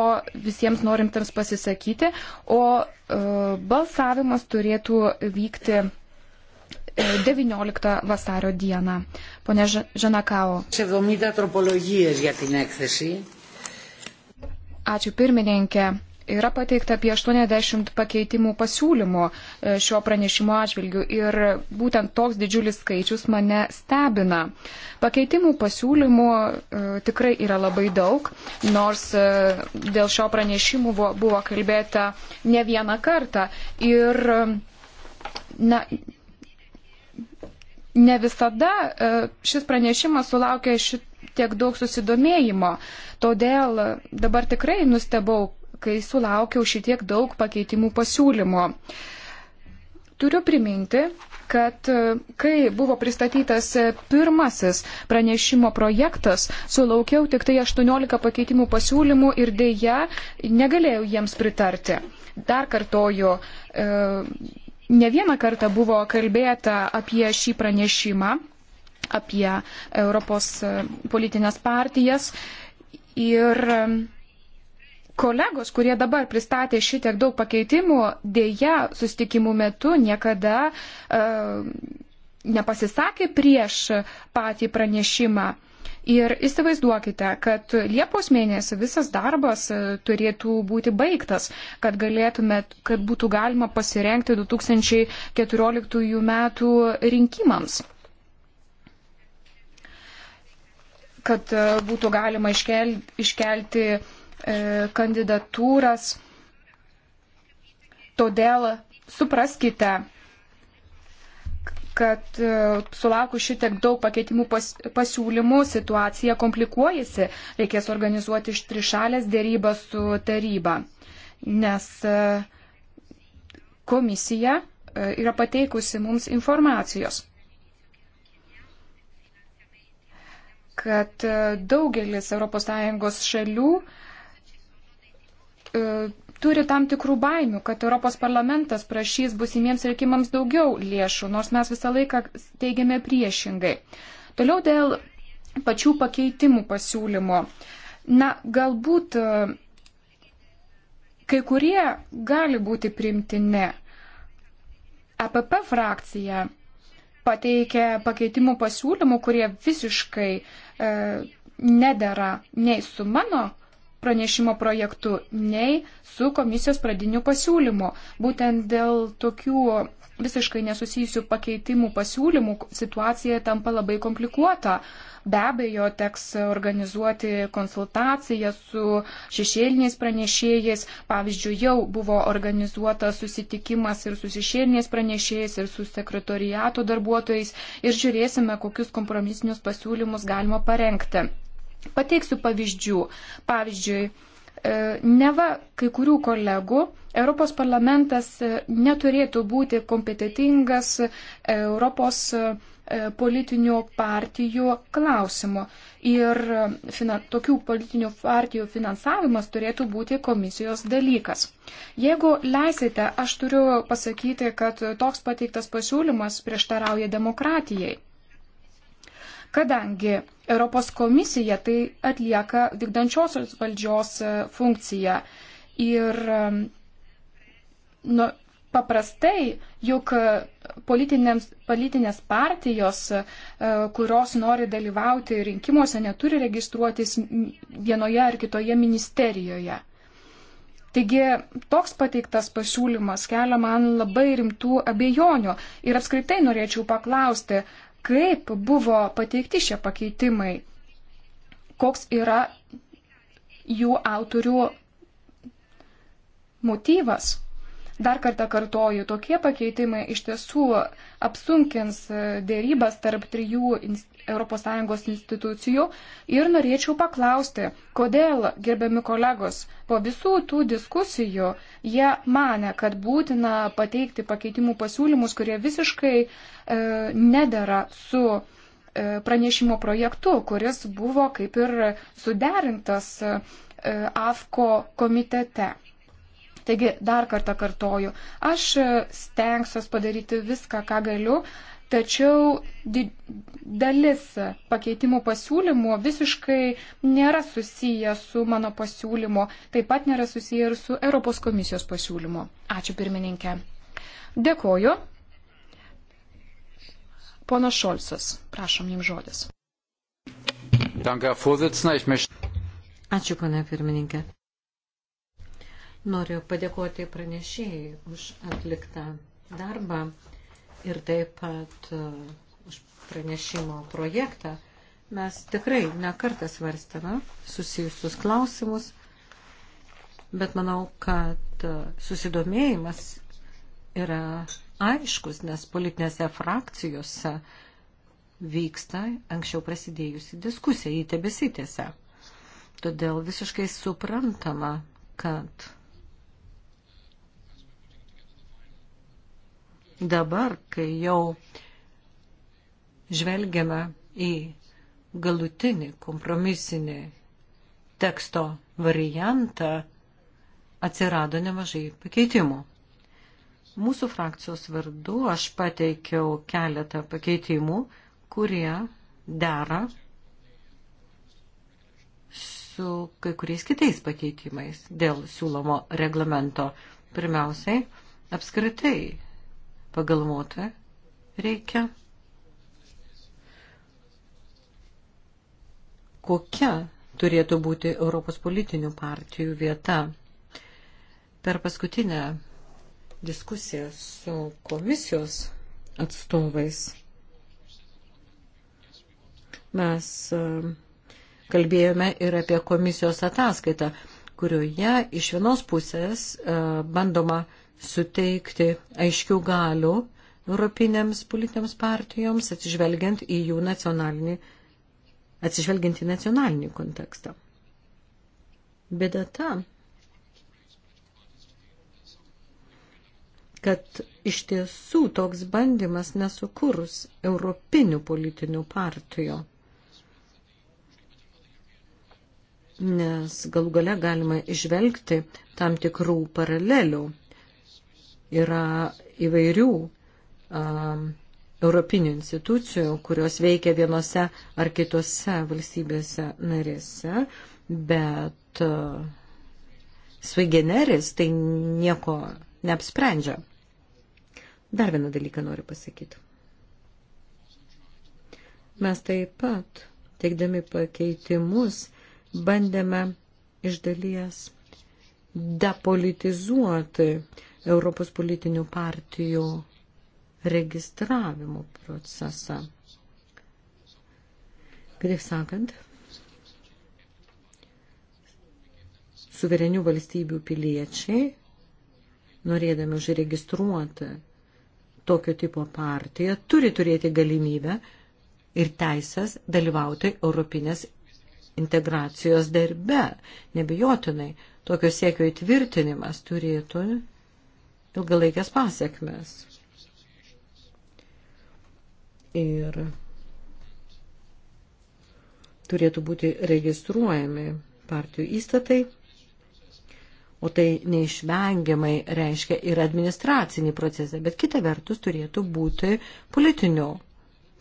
visiems norintams pasisakyti, o e, balsavimas turėtų vykti 19 e, vasario dieną. Pone Žanakao. Ačiū pirmininkė. Yra pateikta apie 80 pakeitimų pasiūlymų e, šio pranešimo atžvilgių ir būtent toks didžiulis skaičius mane stebina. Pakeitimų pasiūlymų e, tikrai yra labai daug, nors e, dėl šio pranešimų buvo, buvo kalbėta ne vieną kartą. Ir, na, ne visada šis pranešimas sulaukia šit tiek daug susidomėjimo. Todėl dabar tikrai nustebau, kai sulaukiau šitiek daug pakeitimų pasiūlymo. Turiu priminti, kad e, kai buvo pristatytas e, pirmasis pranešimo projektas, sulaukiau tik tai 18 pakeitimų pasiūlymų ir dėja negalėjau jiems pritarti. Dar kartoju, e, ne vieną kartą buvo kalbėta apie šį pranešimą, apie Europos politinės partijas ir kolegos, kurie dabar pristatė šitiek daug pakeitimų, dėja sustikimų metu niekada e, nepasisakė prieš patį pranešimą. Ir įsivaizduokite, kad Liepos mėnesį visas darbas e, turėtų būti baigtas, kad galėtume, kad būtų galima pasirenkti 2014 metų rinkimams. Kad e, būtų galima iškelti, iškelti E, kandidatūras. Todėl supraskite, kad e, sulaukus šitiek daug pakeitimų pas, pasiūlymų situacija komplikuojasi, reikės organizuoti iš trišalės dėrybą su taryba, nes e, komisija yra pateikusi mums informacijos, kad daugelis ES šalių E, turi tam tikrų baimių, kad Europos parlamentas prašys busimiems rinkimams daugiau lėšų, nors mes visą laiką teigiame priešingai. Toliau dėl pačių pakeitimų pasiūlymo. Na, galbūt e, kai kurie gali būti primtini. APP e frakcija pateikė pakeitimų pasiūlymų, kurie visiškai e, nedara nei su mano pranešimo projektu, nei su komisijos pradiniu pasiūlymu. Būtent dėl tokių visiškai nesusijusių pakeitimų pasiūlymų situacija tampa labai komplikuota. Be abejo, teks organizuoti konsultaciją su šešėliniais pranešėjais. Pavyzdžiui, jau buvo organizuota susitikimas ir su šešėliniais pranešėjais, ir su sekretoriato darbuotojais. Ir žiūrėsime, kokius kompromisinius pasiūlymus galima parengti. Pateiksiu pavyzdžių. Pavyzdžiui, e, neva kai kurių kolegų Europos parlamentas e, neturėtų būti kompetitingas e, Europos politinių partijų klausimu. Ir finan, tokių politinių partijų finansavimas turėtų būti komisijos dalykas. Jeigu leisite, aš turiu pasakyti, kad toks pateiktas pasiūlymas prieštarauja demokratijai kadangi Europos komisija tai atlieka vykdančiosios valdžios e, funkciją. Ir e, nu, paprastai juk e, politinės partijos, kurios nori dalyvauti rinkimuose, neturi registruotis vienoje ar kitoje ministerijoje. Taigi toks pateiktas pasiūlymas kelia man labai rimtų abejonių ir apskritai norėčiau paklausti, kaip buvo pateikti šie pakeitimai, koks yra jų autorių motyvas. Dar kartą kartoju, tokie pakeitimai iš tiesų apsunkins dėrybas tarp trijų ES institucijų ir norėčiau paklausti, kodėl, gerbiami kolegos, po visų tų diskusijų jie mane, kad būtina pateikti pakeitimų pasiūlymus, kurie visiškai e, nedara su e, pranešimo projektu, kuris buvo kaip ir suderintas e, AFKO komitete. Taigi dar kartą kartoju, aš e, stengsiuos padaryti viską, ką galiu, Tačiau dalis pakeitimų pasiūlymų visiškai nėra susiję su mano pasiūlymu, taip pat nėra susiję ir su Europos komisijos pasiūlymu. Ačiū pirmininkė. Dėkoju. Pono Šolcas, prašom jums žodis. Ačiū, pana pirmininkė. Noriu padėkoti pranešėjai už atliktą darbą ir taip pat e, už pranešimo projektą. Mes tikrai nekartą svarstėme susijusius klausimus, bet manau, kad e, susidomėjimas yra aiškus, nes politinėse frakcijose vyksta anksčiau prasidėjusi diskusija, jį tebesitėse. Todėl visiškai suprantama, kad dabar, kai jau žvelgiame į galutinį kompromisinį teksto variantą, atsirado nemažai pakeitimų. Mūsų frakcijos vardu aš pateikiau keletą pakeitimų, kurie dera su kai kuriais kitais pakeitimais dėl siūlomo reglamento. Pirmiausiai, apskritai pagalvoti reikia, kokia turėtų būti Europos politinių partijų vieta. Per paskutinę diskusiją su komisijos atstovais mes e, kalbėjome ir apie komisijos ataskaitą, kurioje iš vienos pusės e, bandoma suteikti aiškių galių europinėms politinėms partijoms, atsižvelgiant į jų nacionalinį, atsižvelgiant į nacionalinį kontekstą. Bėda ta, kad iš tiesų toks bandymas nesukurs europinių politinių partijų. Nes galų gale galima išvelgti tam tikrų paralelių yra įvairių um, europinių institucijų, kurios veikia vienose ar kitose valstybėse narėse, bet uh, svaigeneris tai nieko neapsprendžia. Dar vieną dalyką noriu pasakyti. Mes taip pat, teikdami pakeitimus, bandėme iš dalies depolitizuoti uh, Europos politinių partijų registravimo procesą. Kitaip sakant, suverenių valstybių piliečiai, norėdami užregistruoti tokio tipo partiją, turi turėti galimybę ir teisės dalyvauti Europinės integracijos darbe. Nebijotinai, tokio siekio įtvirtinimas turėtų ilgalaikės pasiekmes. Ir turėtų būti registruojami partijų įstatai, o tai neišvengiamai reiškia ir administracinį procesą, bet kita vertus turėtų būti politinių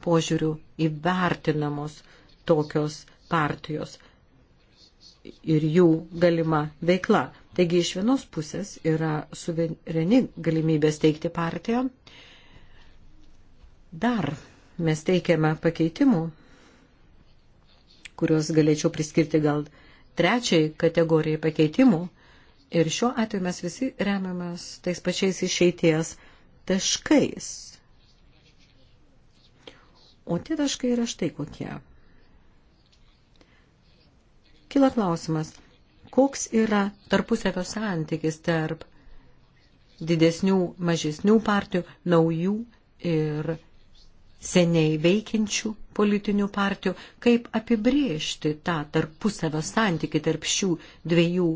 požiūrių įvertinamos tokios partijos ir jų galima veikla. Taigi iš vienos pusės yra suvereni galimybė steigti partiją. Dar mes teikiame pakeitimų, kuriuos galėčiau priskirti gal trečiai kategorijai pakeitimų. Ir šiuo atveju mes visi remiamės tais pačiais išeities taškais. O tie taškai yra štai kokie. Kila klausimas, koks yra tarpusavio santykis tarp didesnių, mažesnių partijų, naujų ir seniai veikiančių politinių partijų, kaip apibriežti tą tarpusavio santykį tarp šių dviejų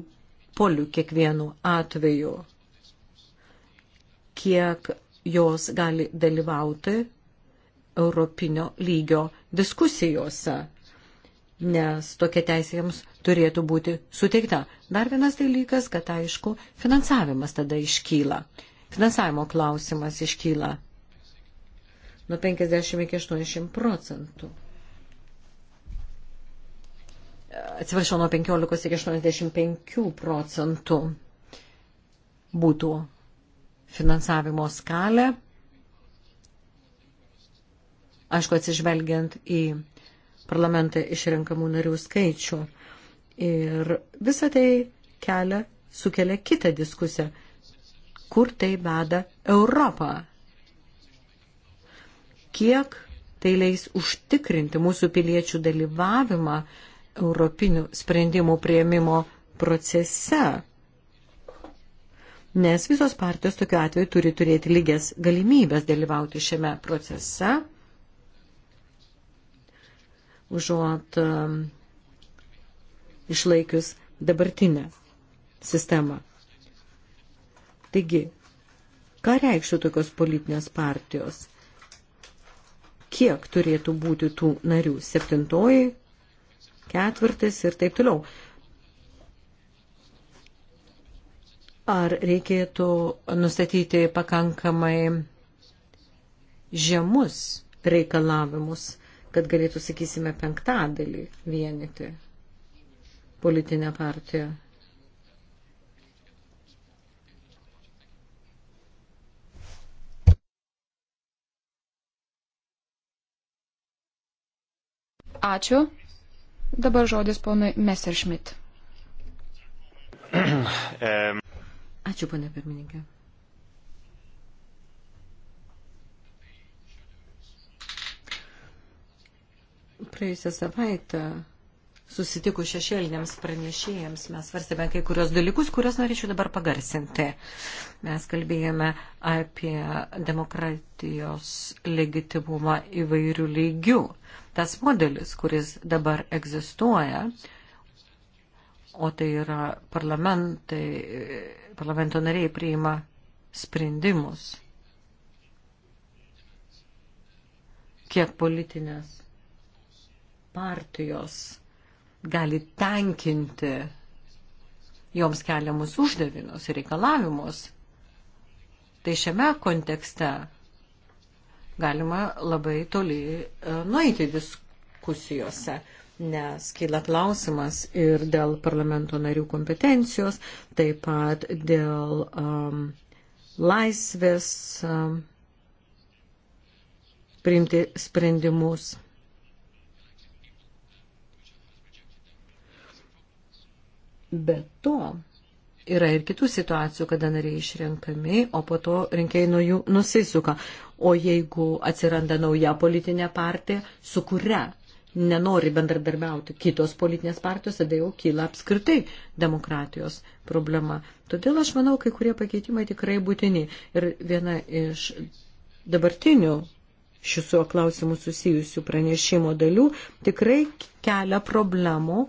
polių kiekvienu atveju, kiek jos gali dalyvauti europinio lygio diskusijose nes tokia teisė jiems turėtų būti suteikta. Dar vienas dalykas, kad aišku, finansavimas tada iškyla. Finansavimo klausimas iškyla nuo 50 iki 80 procentų. Atsiprašau, nuo 15 iki 85 procentų būtų finansavimo skalė. Aišku, atsižvelgiant į parlamentą išrenkamų narių skaičių. Ir visą tai kelia, sukelia kitą diskusiją, kur tai veda Europą. Kiek tai leis užtikrinti mūsų piliečių dalyvavimą europinių sprendimų prieimimo procese. Nes visos partijos tokiu atveju turi turėti lygias galimybės dalyvauti šiame procese užuot um, išlaikius dabartinę sistemą. Taigi, ką reikštų tokios politinės partijos? Kiek turėtų būti tų narių? Septintoji, ketvirtis ir taip toliau. Ar reikėtų nustatyti pakankamai žemus reikalavimus kad galėtų, sakysime, penktadalį vienyti politinę partiją. Ačiū. Dabar žodis ponui Messerschmidt. Ačiū, ponė pirmininkė. Praėjusią savaitę susitikus šešėliniams pranešėjams mes svarstėme kai kurios dalykus, kuriuos norėčiau dabar pagarsinti. Mes kalbėjome apie demokratijos legitimumą įvairių lygių. Tas modelis, kuris dabar egzistuoja, o tai yra parlamentai, parlamento nariai priima sprendimus, kiek politinės partijos gali tenkinti joms keliamus uždavinius ir reikalavimus, tai šiame kontekste galima labai toli e, nueiti diskusijose, nes kyla klausimas ir dėl parlamento narių kompetencijos, taip pat dėl um, laisvės um, priimti sprendimus. Be to, yra ir kitų situacijų, kada nariai išrenkami, o po to rinkėjai nuo jų nusisuka. O jeigu atsiranda nauja politinė partija, su kuria nenori bendradarbiauti kitos politinės partijos, tada jau kyla apskritai demokratijos problema. Todėl aš manau, kai kurie pakeitimai tikrai būtini. Ir viena iš dabartinių šiuo klausimu susijusių pranešimo dalių tikrai kelia problemų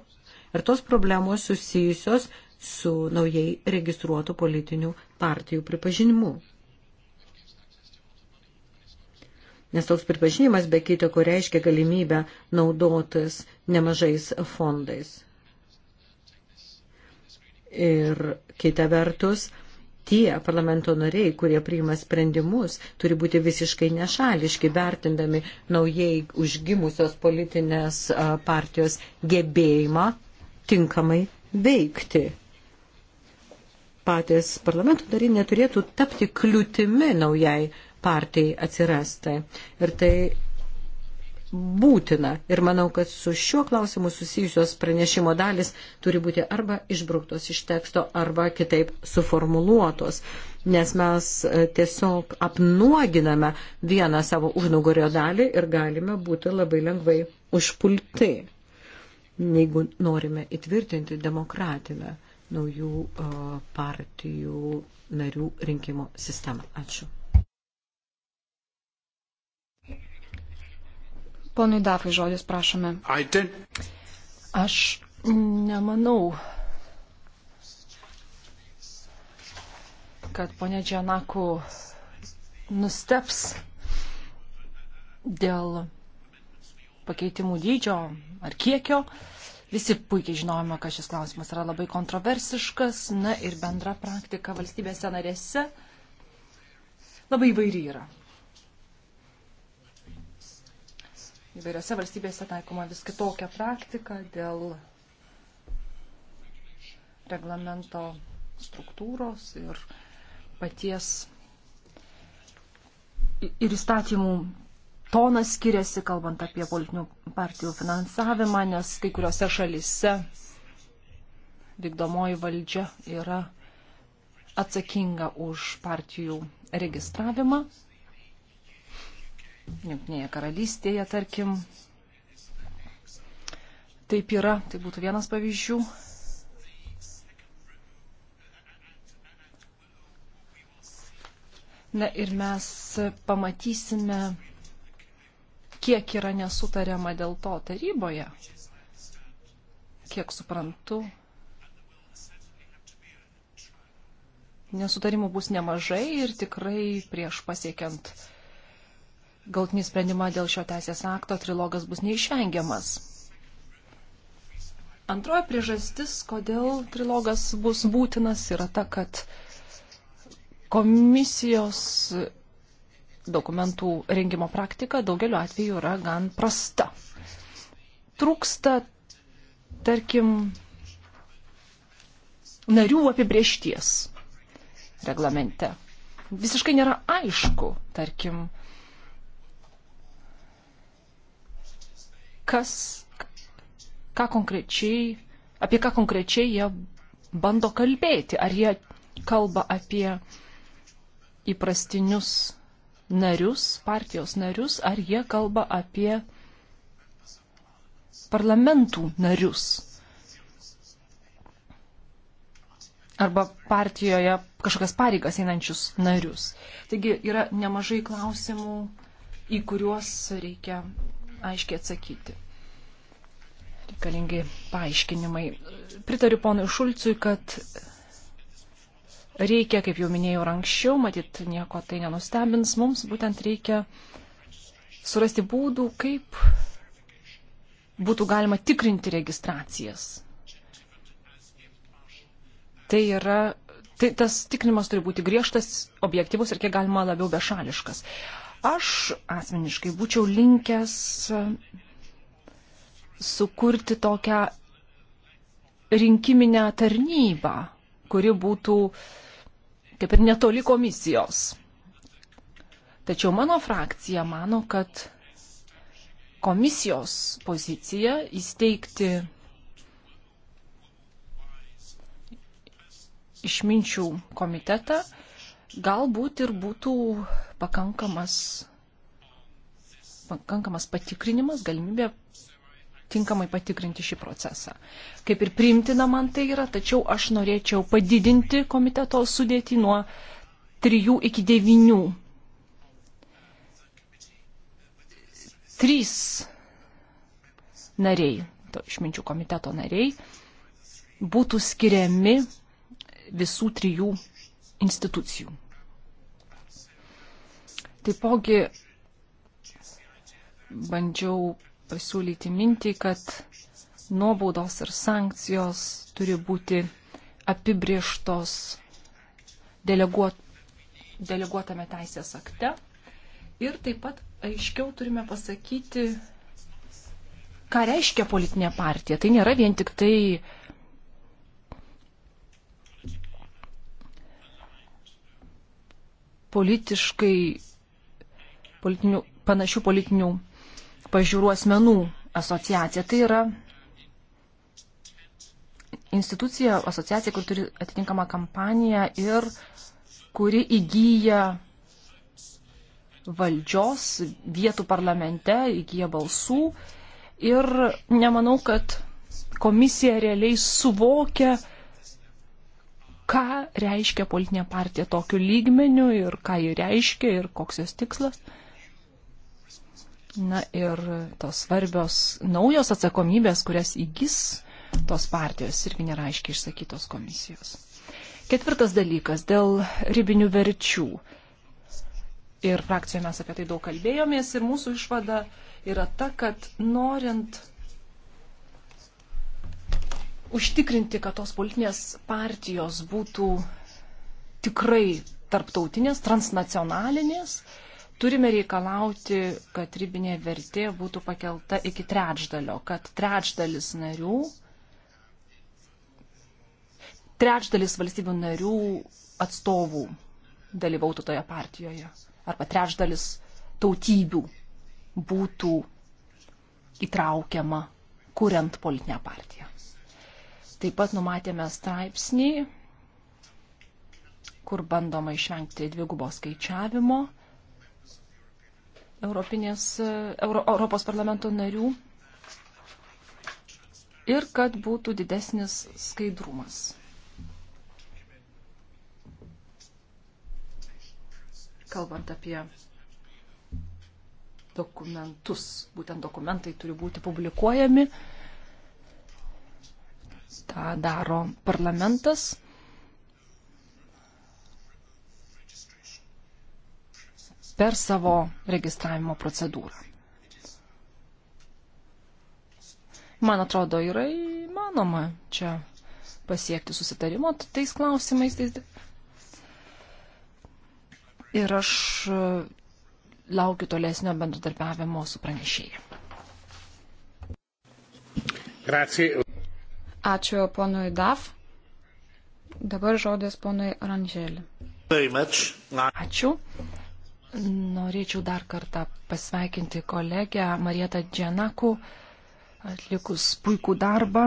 Ir tos problemos susijusios su naujai registruotų politinių partijų pripažinimu. Nes toks pripažinimas be kito, kur reiškia galimybę naudotis nemažais fondais. Ir kita vertus, tie parlamento nariai, kurie priima sprendimus, turi būti visiškai nešališki, vertindami naujai užgimusios politinės partijos gebėjimą tinkamai veikti. Patys parlamento nariai neturėtų tapti kliūtimi naujai partijai atsirasti. Ir tai būtina. Ir manau, kad su šiuo klausimu susijusios pranešimo dalis turi būti arba išbrauktos iš teksto, arba kitaip suformuluotos. Nes mes e, tiesiog apnuoginame vieną savo užnugario dalį ir galime būti labai lengvai užpulti jeigu norime įtvirtinti demokratinę naujų partijų narių rinkimo sistemą. Ačiū. Ponui Dafai žodis prašome. Aš nemanau, kad ponė Džianaku nusteps dėl pakeitimų dydžio ar kiekio. Visi puikiai žinojome, kad šis klausimas yra labai kontroversiškas, na ir bendra praktika valstybėse narėse labai įvairi yra. Įvairiose valstybėse taikoma vis kitokia praktika dėl reglamento struktūros ir paties ir įstatymų tonas skiriasi, kalbant apie politinių partijų finansavimą, nes kai kuriuose šalise vykdomoji valdžia yra atsakinga už partijų registravimą. Junktinėje karalystėje, tarkim, taip yra, tai būtų vienas pavyzdžių. Na ir mes pamatysime kiek yra nesutariama dėl to taryboje. Kiek suprantu, nesutarimų bus nemažai ir tikrai prieš pasiekiant galtinį sprendimą dėl šio teisės akto trilogas bus neišvengiamas. Antroji priežastis, kodėl trilogas bus būtinas, yra ta, kad komisijos dokumentų rengimo praktika daugeliu atveju yra gan prasta. Trūksta, tarkim, narių apibriešties reglamente. Visiškai nėra aišku, tarkim, kas, ką konkrečiai, apie ką konkrečiai jie bando kalbėti. Ar jie kalba apie įprastinius narius, partijos narius, ar jie kalba apie parlamentų narius. Arba partijoje kažkokias pareigas einančius narius. Taigi yra nemažai klausimų, į kuriuos reikia aiškiai atsakyti. Reikalingi paaiškinimai. Pritariu ponui Šulciui, kad reikia, kaip jau minėjau anksčiau, matyt, nieko tai nenustebins, mums būtent reikia surasti būdų, kaip būtų galima tikrinti registracijas. Tai yra, tai tas tikrinimas turi būti griežtas, objektivus ir kiek galima labiau bešališkas. Aš asmeniškai būčiau linkęs sukurti tokią rinkiminę tarnybą, kuri būtų uh, kaip ir netoli komisijos. Tačiau mano frakcija mano, kad komisijos pozicija įsteigti išminčių komitetą galbūt ir būtų pakankamas, pakankamas patikrinimas, galimybė tinkamai patikrinti šį procesą. Kaip ir priimtina man tai yra, tačiau aš norėčiau padidinti komiteto sudėtį nuo 3 iki 9. Trys nariai, to išminčių komiteto nariai, būtų skiriami visų trijų institucijų. Taipogi bandžiau pasiūlyti mintį, kad nuobaudos ir sankcijos turi būti apibrieštos deleguot, deleguotame teisės akte. Ir taip pat aiškiau turime pasakyti, ką reiškia politinė partija. Tai nėra vien tik tai politiškai politinių, panašių politinių pažiūrų asmenų asociacija. Tai yra institucija, asociacija, kur turi atitinkamą kampaniją ir kuri įgyja valdžios vietų parlamente, įgyja balsų. Ir nemanau, kad komisija realiai suvokia, ką reiškia politinė partija tokiu lygmeniu ir ką ji reiškia ir koks jos tikslas. Uh, Na ir tos svarbios naujos atsakomybės, kurias įgis tos partijos, irgi nėra aiškiai išsakytos komisijos. Ketvirtas dalykas - dėl ribinių verčių. Ir frakcijoje mes apie tai daug kalbėjomės ir mūsų išvada yra ta, kad norint užtikrinti, kad tos politinės partijos būtų tikrai tarptautinės, transnacionalinės, turime reikalauti, kad ribinė vertė būtų pakelta iki trečdalio, kad trečdalis narių, trečdalis valstybių narių atstovų dalyvautų toje partijoje arba trečdalis tautybių būtų įtraukiama, kuriant politinę partiją. Taip pat numatėme straipsnį, kur bandoma išvengti dvigubos skaičiavimo Europinės, Euro, Europos parlamento narių ir kad būtų didesnis skaidrumas. Kalbant apie dokumentus, būtent dokumentai turi būti publikuojami. Ta daro parlamentas. per savo registravimo procedūrą. Man atrodo, yra įmanoma čia pasiekti susitarimo tais klausimais. Tais... Ir aš laukiu tolesnio bendradarbiavimo su pranešėjai. Grazie. Ačiū ponui Daf. Dabar žodis ponui Ranžėlį. Ačiū. Norėčiau dar kartą pasveikinti kolegę Marietą Džianaku, atlikus puikų darbą.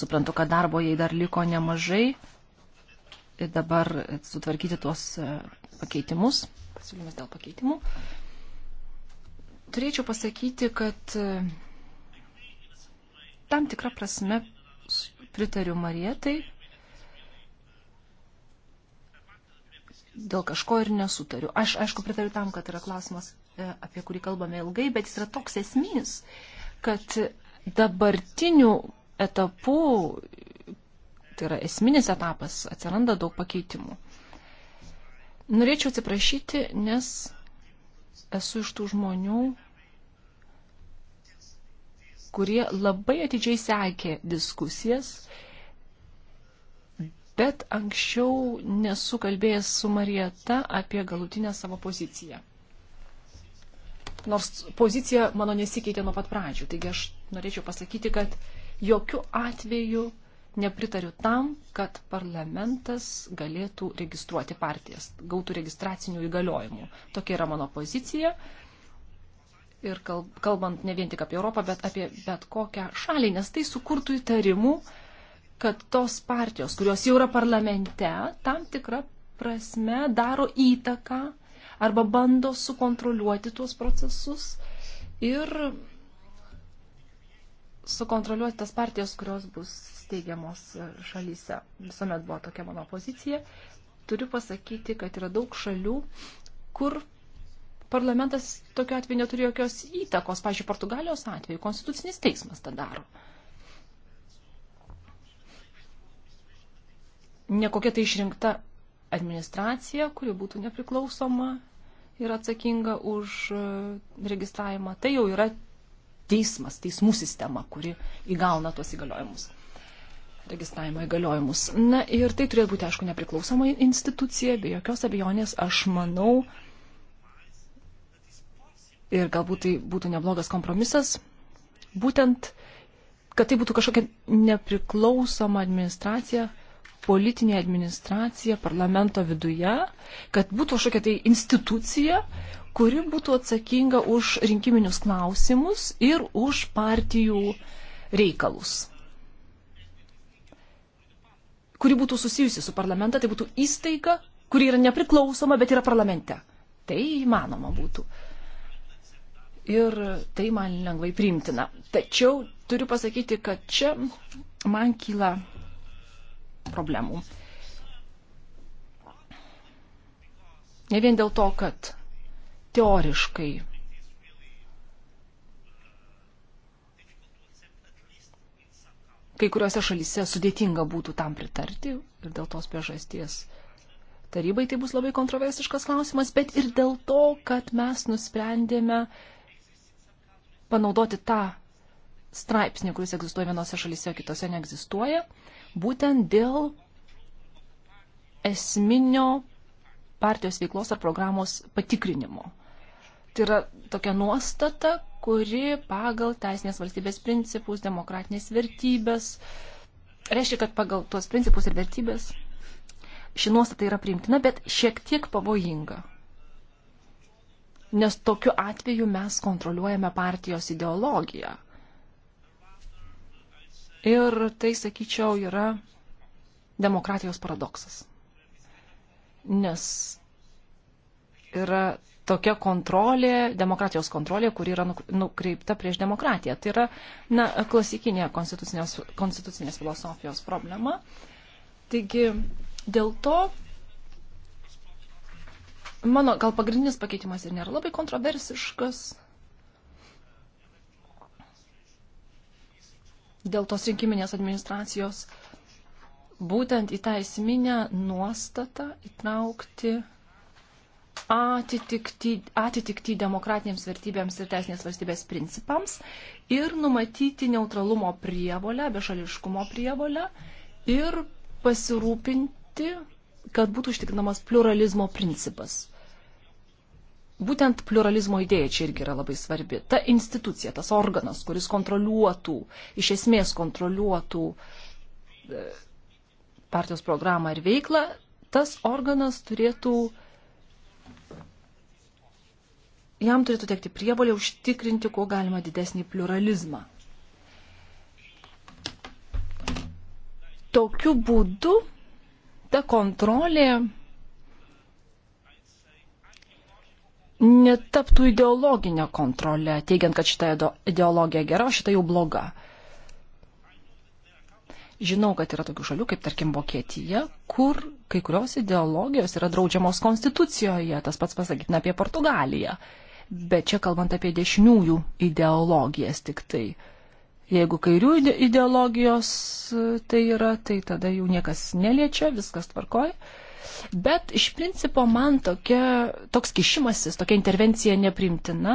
Suprantu, kad darbo jai dar liko nemažai. Ir dabar sutvarkyti tuos e, pakeitimus, pasiūlymas dėl pakeitimų. Turėčiau pasakyti, kad e, tam tikrą prasme pritariu Marietai dėl kažko ir nesutariu. Aš, aišku, pritariu tam, kad yra klausimas, e, apie kurį kalbame ilgai, bet jis yra toks esminis, kad dabartinių etapų, tai yra esminis etapas, atsiranda daug pakeitimų. Norėčiau atsiprašyti, nes esu iš tų žmonių, kurie labai atidžiai sekė diskusijas bet anksčiau nesu kalbėjęs su Marieta apie galutinę savo poziciją. Nors pozicija mano nesikeitė nuo pat pradžių, taigi aš norėčiau pasakyti, kad jokių atvejų nepritariu tam, kad parlamentas galėtų registruoti partijas, gautų registracinių įgaliojimų. Tokia yra mano pozicija. Ir kalbant ne vien tik apie Europą, bet apie bet kokią šalį, nes tai sukurtų įtarimų, uh, kad tos partijos, kurios jau yra parlamente, tam tikrą prasme daro įtaką arba bando sukontroliuoti tuos procesus ir sukontroliuoti tas partijas, kurios bus steigiamos šalyse. Visuomet buvo tokia mano pozicija. Turiu pasakyti, kad yra daug šalių, kur parlamentas tokiu atveju neturi jokios įtakos. Pavyzdžiui, Portugalijos atveju konstitucinis teismas tą daro. Uh, nekokia tai išrinkta administracija, kuri būtų nepriklausoma ir atsakinga už e, registravimą. Tai jau yra teismas, teismų sistema, kuri įgauna tuos įgaliojimus registravimo įgaliojimus. Na ir tai turėtų būti, aišku, nepriklausoma institucija, be jokios abejonės, aš manau, ir galbūt tai būtų neblogas kompromisas, būtent, kad tai būtų kažkokia nepriklausoma administracija, politinė administracija parlamento viduje, kad būtų kažkokia tai institucija, kuri būtų atsakinga už rinkiminius klausimus ir už partijų reikalus kuri būtų susijusi su parlamentą, tai būtų įstaiga, kuri yra nepriklausoma, bet yra parlamente. Tai įmanoma būtų. Ir tai man lengvai priimtina. Tačiau turiu pasakyti, kad čia man kyla problemų. Ne vien dėl to, kad teoriškai kai kuriuose šalyse sudėtinga būtų tam pritarti ir dėl tos priežasties tarybai tai bus labai kontroversiškas klausimas, bet ir dėl to, kad mes nusprendėme panaudoti tą straipsnį, kuris egzistuoja vienose šalyse, kitose neegzistuoja būtent dėl esminio partijos veiklos ar programos patikrinimo. Tai yra tokia nuostata, kuri pagal teisinės valstybės principus, demokratinės vertybės, reiškia, kad pagal tuos principus ir vertybės ši nuostata yra priimtina, bet šiek tiek pavojinga. Nes tokiu atveju mes kontroliuojame partijos ideologiją Ir tai, sakyčiau, yra demokratijos paradoksas. Nes yra tokia kontrolė, demokratijos kontrolė, kuri yra nukreipta prieš demokratiją. Tai yra na, klasikinė konstitucinės, konstitucinės filosofijos problema. Taigi dėl to mano gal pagrindinis pakeitimas ir nėra labai kontroversiškas, dėl tos rinkiminės administracijos būtent į tą esminę nuostatą įtraukti atitikti, atitikti demokratinėms vertybėms ir teisinės valstybės principams ir numatyti neutralumo prievolę, bešališkumo prievolę ir pasirūpinti, kad būtų užtikrinamas pluralizmo principas būtent pluralizmo idėja čia irgi yra labai svarbi. Ta institucija, tas organas, kuris kontroliuotų, iš esmės kontroliuotų e, partijos programą ir veiklą, tas organas turėtų, jam turėtų tekti prievalė užtikrinti, kuo galima didesnį pluralizmą. Tokiu būdu ta kontrolė netaptų ideologinę kontrolę, teigiant, kad šita ideologija gera, o šita jau bloga. Žinau, kad yra tokių šalių, kaip tarkim Vokietija, kur kai kurios ideologijos yra draudžiamos konstitucijoje, tas pats pasakytina apie Portugaliją. Bet čia kalbant apie dešiniųjų ideologijas tik tai. Jeigu kairių ideologijos e, tai yra, tai tada jų niekas neliečia, viskas tvarkoja. Bet iš principo man tokia, toks kišimasis, tokia intervencija neprimtina.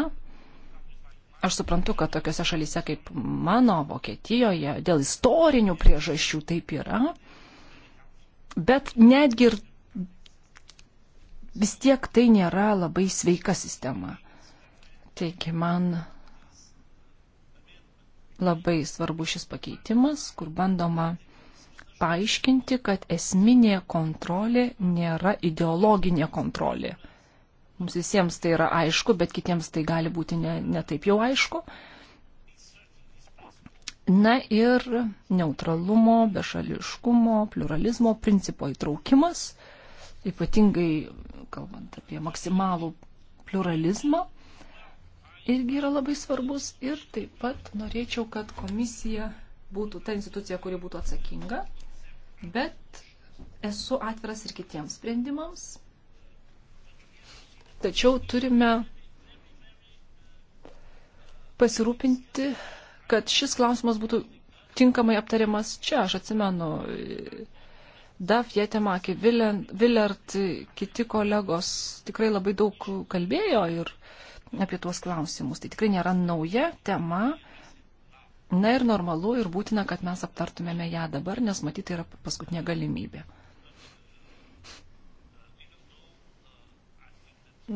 Aš suprantu, kad tokiuose šalyse kaip mano Vokietijoje dėl istorinių priežasčių taip yra. Bet netgi ir vis tiek tai nėra labai sveika sistema. Taigi man labai svarbu šis pakeitimas, kur bandoma paaiškinti, kad esminė kontrolė nėra ideologinė kontrolė. Mums visiems tai yra aišku, bet kitiems tai gali būti netaip ne, ne jau aišku. Na ir neutralumo, bešališkumo, pluralizmo principo įtraukimas, ypatingai kalbant apie maksimalų pluralizmą, irgi yra labai svarbus. Ir taip pat norėčiau, kad komisija būtų ta institucija, kuri būtų atsakinga bet esu atviras ir kitiems sprendimams. Tačiau turime pasirūpinti, kad šis klausimas būtų tinkamai aptariamas čia. Aš atsimenu, Daf, Jetemakė, Villert, kiti kolegos tikrai labai daug kalbėjo ir apie tuos klausimus. Tai tikrai nėra nauja tema Na ir normalu ir būtina, kad mes aptartumėme ją dabar, nes matyti tai yra paskutinė galimybė.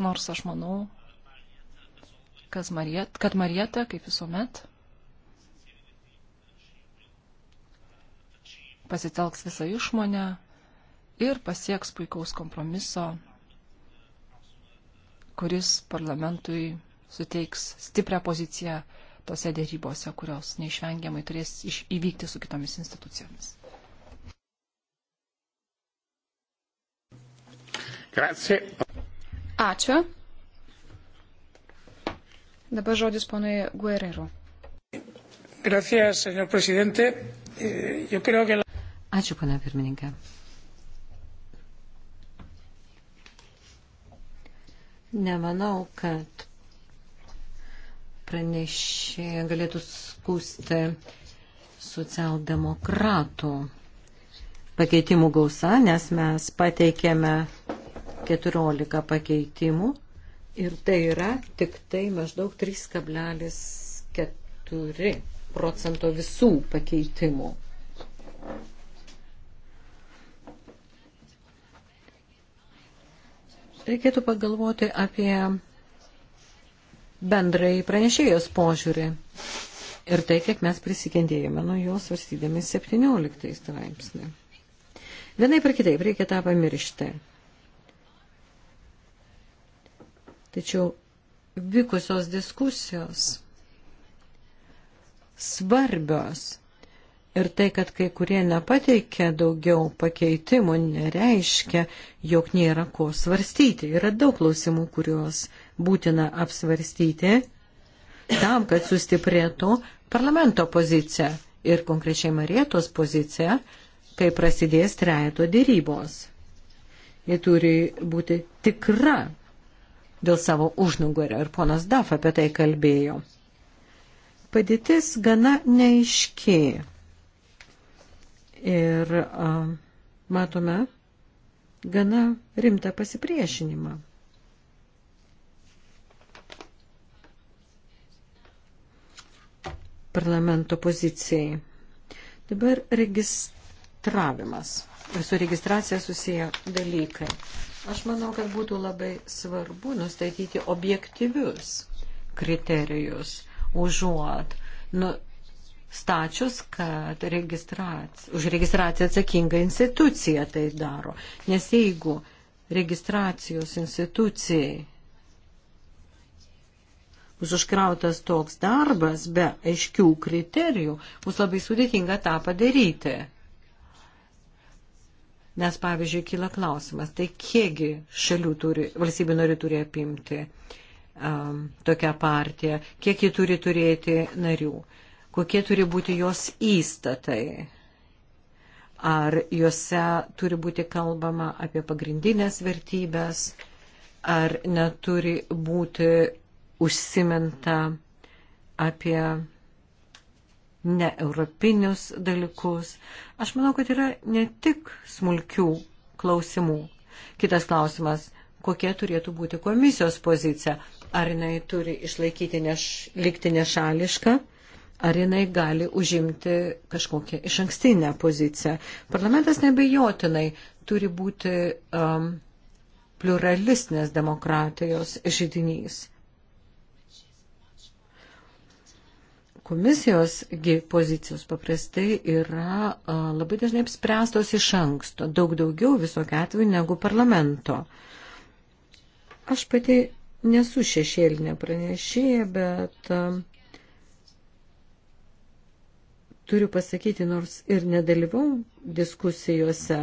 Nors aš manau, Mariet, kad Marieta, kaip visuomet, pasitelks visą išmonę ir pasieks puikaus kompromiso, kuris parlamentui suteiks stiprią poziciją tose dėrybose, kurios neišvengiamai turės iš, įvykti su kitomis institucijomis. Grazie. Ačiū. Dabar žodis ponui Guerrero. Gracias, señor presidente. Eh, yo creo que la... Ačiū, pana pirmininkė. Nemanau, kad pranešėja galėtų skūsti socialdemokratų pakeitimų gausa, nes mes pateikėme 14 pakeitimų ir tai yra tik tai maždaug 3,4 procento visų pakeitimų. Reikėtų pagalvoti apie bendrai pranešėjos požiūrį ir tai, kiek mes prisikendėjome nuo jos varstydami 17 straipsnį. Vienai per kitaip reikia tą pamiršti. Tačiau vykusios diskusijos svarbios ir tai, kad kai kurie nepateikia daugiau pakeitimų, nereiškia, jog nėra ko svarstyti. Yra daug klausimų, kuriuos būtina apsvarstyti tam, kad sustiprėtų parlamento pozicija ir konkrečiai Marietos pozicija, kai prasidės trejato dėrybos. Ji turi būti tikra dėl savo užnugario ir ponas Daf apie tai kalbėjo. Padėtis gana neaiški. Ir a, matome gana rimtą pasipriešinimą. parlamento pozicijai. Dabar registravimas ir su registracija susiję dalykai. Aš manau, kad būtų labai svarbu nustatyti objektyvius kriterijus užuot nustačius, kad registrac... už registraciją atsakinga institucija tai daro. Nes jeigu registracijos institucijai bus užkrautas toks darbas be aiškių kriterijų, bus labai sudėtinga tą padaryti. Nes, pavyzdžiui, kyla klausimas, tai kiekgi šalių turi, valstybių nori turi apimti um, tokią partiją, kiek ji turi turėti narių, kokie turi būti jos įstatai, ar juose turi būti kalbama apie pagrindinės vertybės, ar neturi būti užsiminta apie neeuropinius dalykus. Aš manau, kad yra ne tik smulkių klausimų. Kitas klausimas, kokia turėtų būti komisijos pozicija. Ar jinai turi išlaikyti neš, likti nešališką, ar jinai gali užimti kažkokią iš ankstinę poziciją. Parlamentas nebejotinai turi būti um, pluralistinės demokratijos žydinys. Komisijosgi pozicijos paprastai yra labai dažnai apspręstos iš anksto, daug daugiau visokio atveju negu parlamento. Aš pati nesu šešėlinė pranešėja, bet turiu pasakyti, nors ir nedalyvau diskusijose,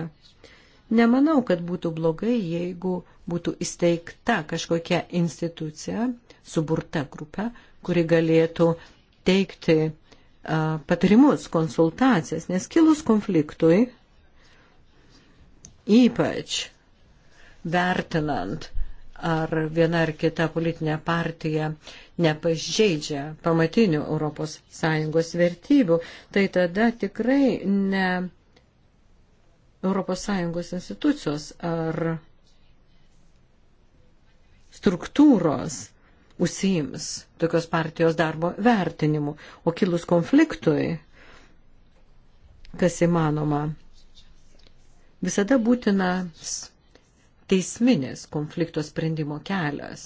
nemanau, kad būtų blogai, jeigu būtų įsteigta kažkokia institucija, suburta grupė, kuri galėtų teikti patarimus, konsultacijas, nes kilus konfliktui, ypač vertinant, ar viena ar kita politinė partija nepažeidžia pamatinių ES vertybių, tai tada tikrai ne ES institucijos ar struktūros užsiims tokios partijos darbo vertinimu. O kilus konfliktui, kas įmanoma, visada būtinas teisminis konflikto sprendimo kelias.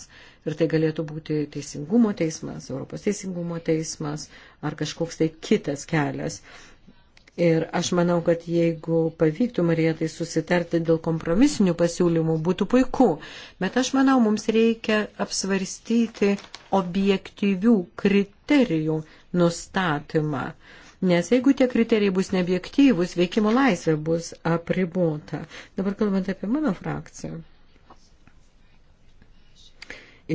Ir tai galėtų būti teisingumo teismas, Europos teisingumo teismas ar kažkoks tai kitas kelias. Ir aš manau, kad jeigu pavyktų Marijatai susitarti dėl kompromisinių pasiūlymų, būtų puiku. Bet aš manau, mums reikia apsvarstyti objektyvių kriterijų nustatymą. Nes jeigu tie kriterijai bus neobjektyvus, veikimo laisvė bus apribota. Dabar kalbant apie mano frakciją.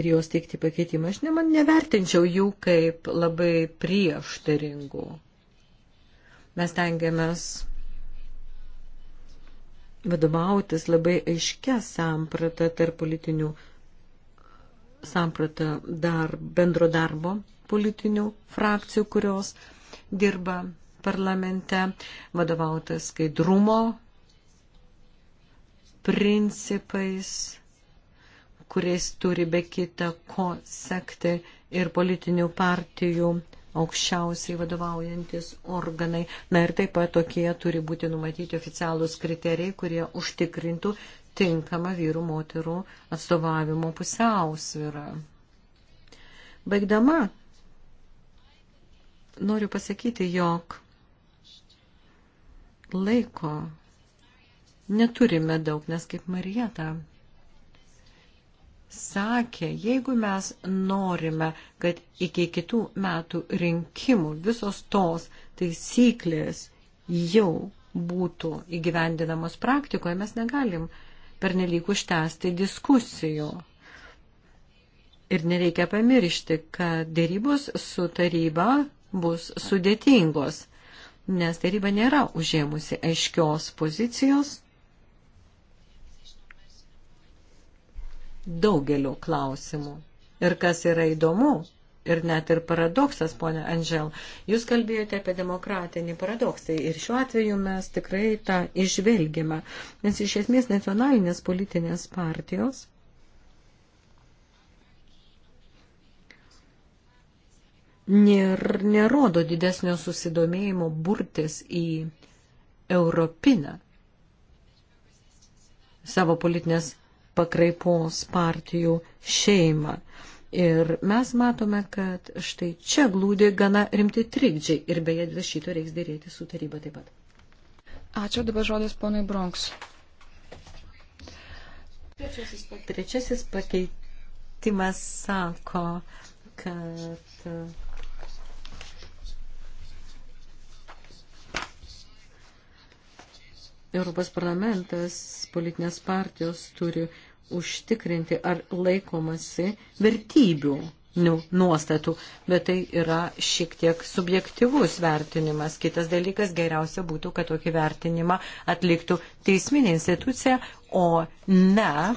Ir jos teikti pakeitimą, aš ne, man nevertinčiau jų kaip labai prieštaringų Mes tengiamės vadovautis labai aiškia samprata tarp politinių samprata dar bendro darbo politinių frakcijų, kurios dirba parlamente, vadovautas skaidrumo principais, kuriais turi be kita ko sekti ir politinių partijų aukščiausiai vadovaujantis organai. Na ir taip pat tokie turi būti numatyti oficialūs kriterijai, kurie užtikrintų tinkamą vyrų moterų atstovavimo pusiausvyrą. Baigdama, noriu pasakyti, jog laiko neturime daug, nes kaip Marieta sakė, jeigu mes norime, kad iki kitų metų rinkimų visos tos taisyklės jau būtų įgyvendinamos praktikoje, mes negalim pernelyg užtęsti diskusijų. Ir nereikia pamiršti, kad dėrybos su taryba bus sudėtingos, nes taryba nėra užėmusi aiškios pozicijos daugeliu klausimų. Ir kas yra įdomu, ir net ir paradoksas, ponė Andžel, jūs kalbėjote apie demokratinį paradoksą ir šiuo atveju mes tikrai tą išvelgime, nes iš esmės nacionalinės politinės partijos nėr, nerodo didesnio susidomėjimo burtis į europinę savo politinės pakraipos partijų šeimą. Ir mes matome, kad štai čia glūdė gana rimti trikdžiai ir beje dėl šito reiks dėrėti su taryba taip pat. Ačiū, dabar žodis ponui Bronks. Trečiasis pakeitimas sako, kad Europos parlamentas, politinės partijos turi užtikrinti, ar laikomasi vertybių nu, nuostatų, bet tai yra šiek tiek subjektivus vertinimas. Kitas dalykas geriausia būtų, kad tokį vertinimą atliktų teisminė institucija, o ne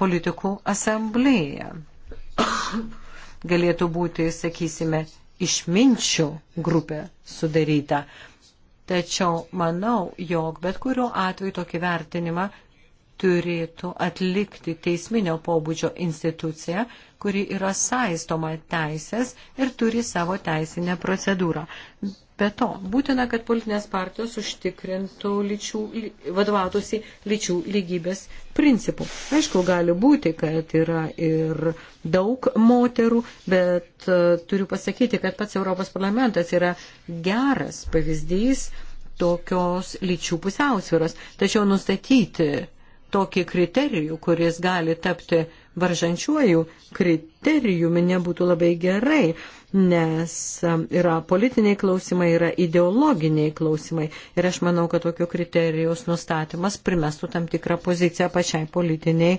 politikų asamblėje. Galėtų būti, sakysime, išminčių grupė sudaryta, Tačiau manau, jog bet kuriuo atveju tokį vertinimą turėtų atlikti teisminio pobūdžio institucija, kuri yra saistoma teisės ir turi savo teisinę procedūrą. Be to, būtina, kad politinės partijos užtikrintų lyčių, vadovautųsi lyčių lygybės principų. Aišku, gali būti, kad yra ir daug moterų, bet uh, turiu pasakyti, kad pats Europos parlamentas yra geras pavyzdys tokios lyčių pusiausviros. Tačiau nustatyti tokį kriterijų, kuris gali tapti varžančiuoju kriterijumi, nebūtų labai gerai, nes um, yra politiniai klausimai, yra ideologiniai klausimai. Ir aš manau, kad tokio kriterijos nustatymas primestų tam tikrą poziciją pačiai politiniai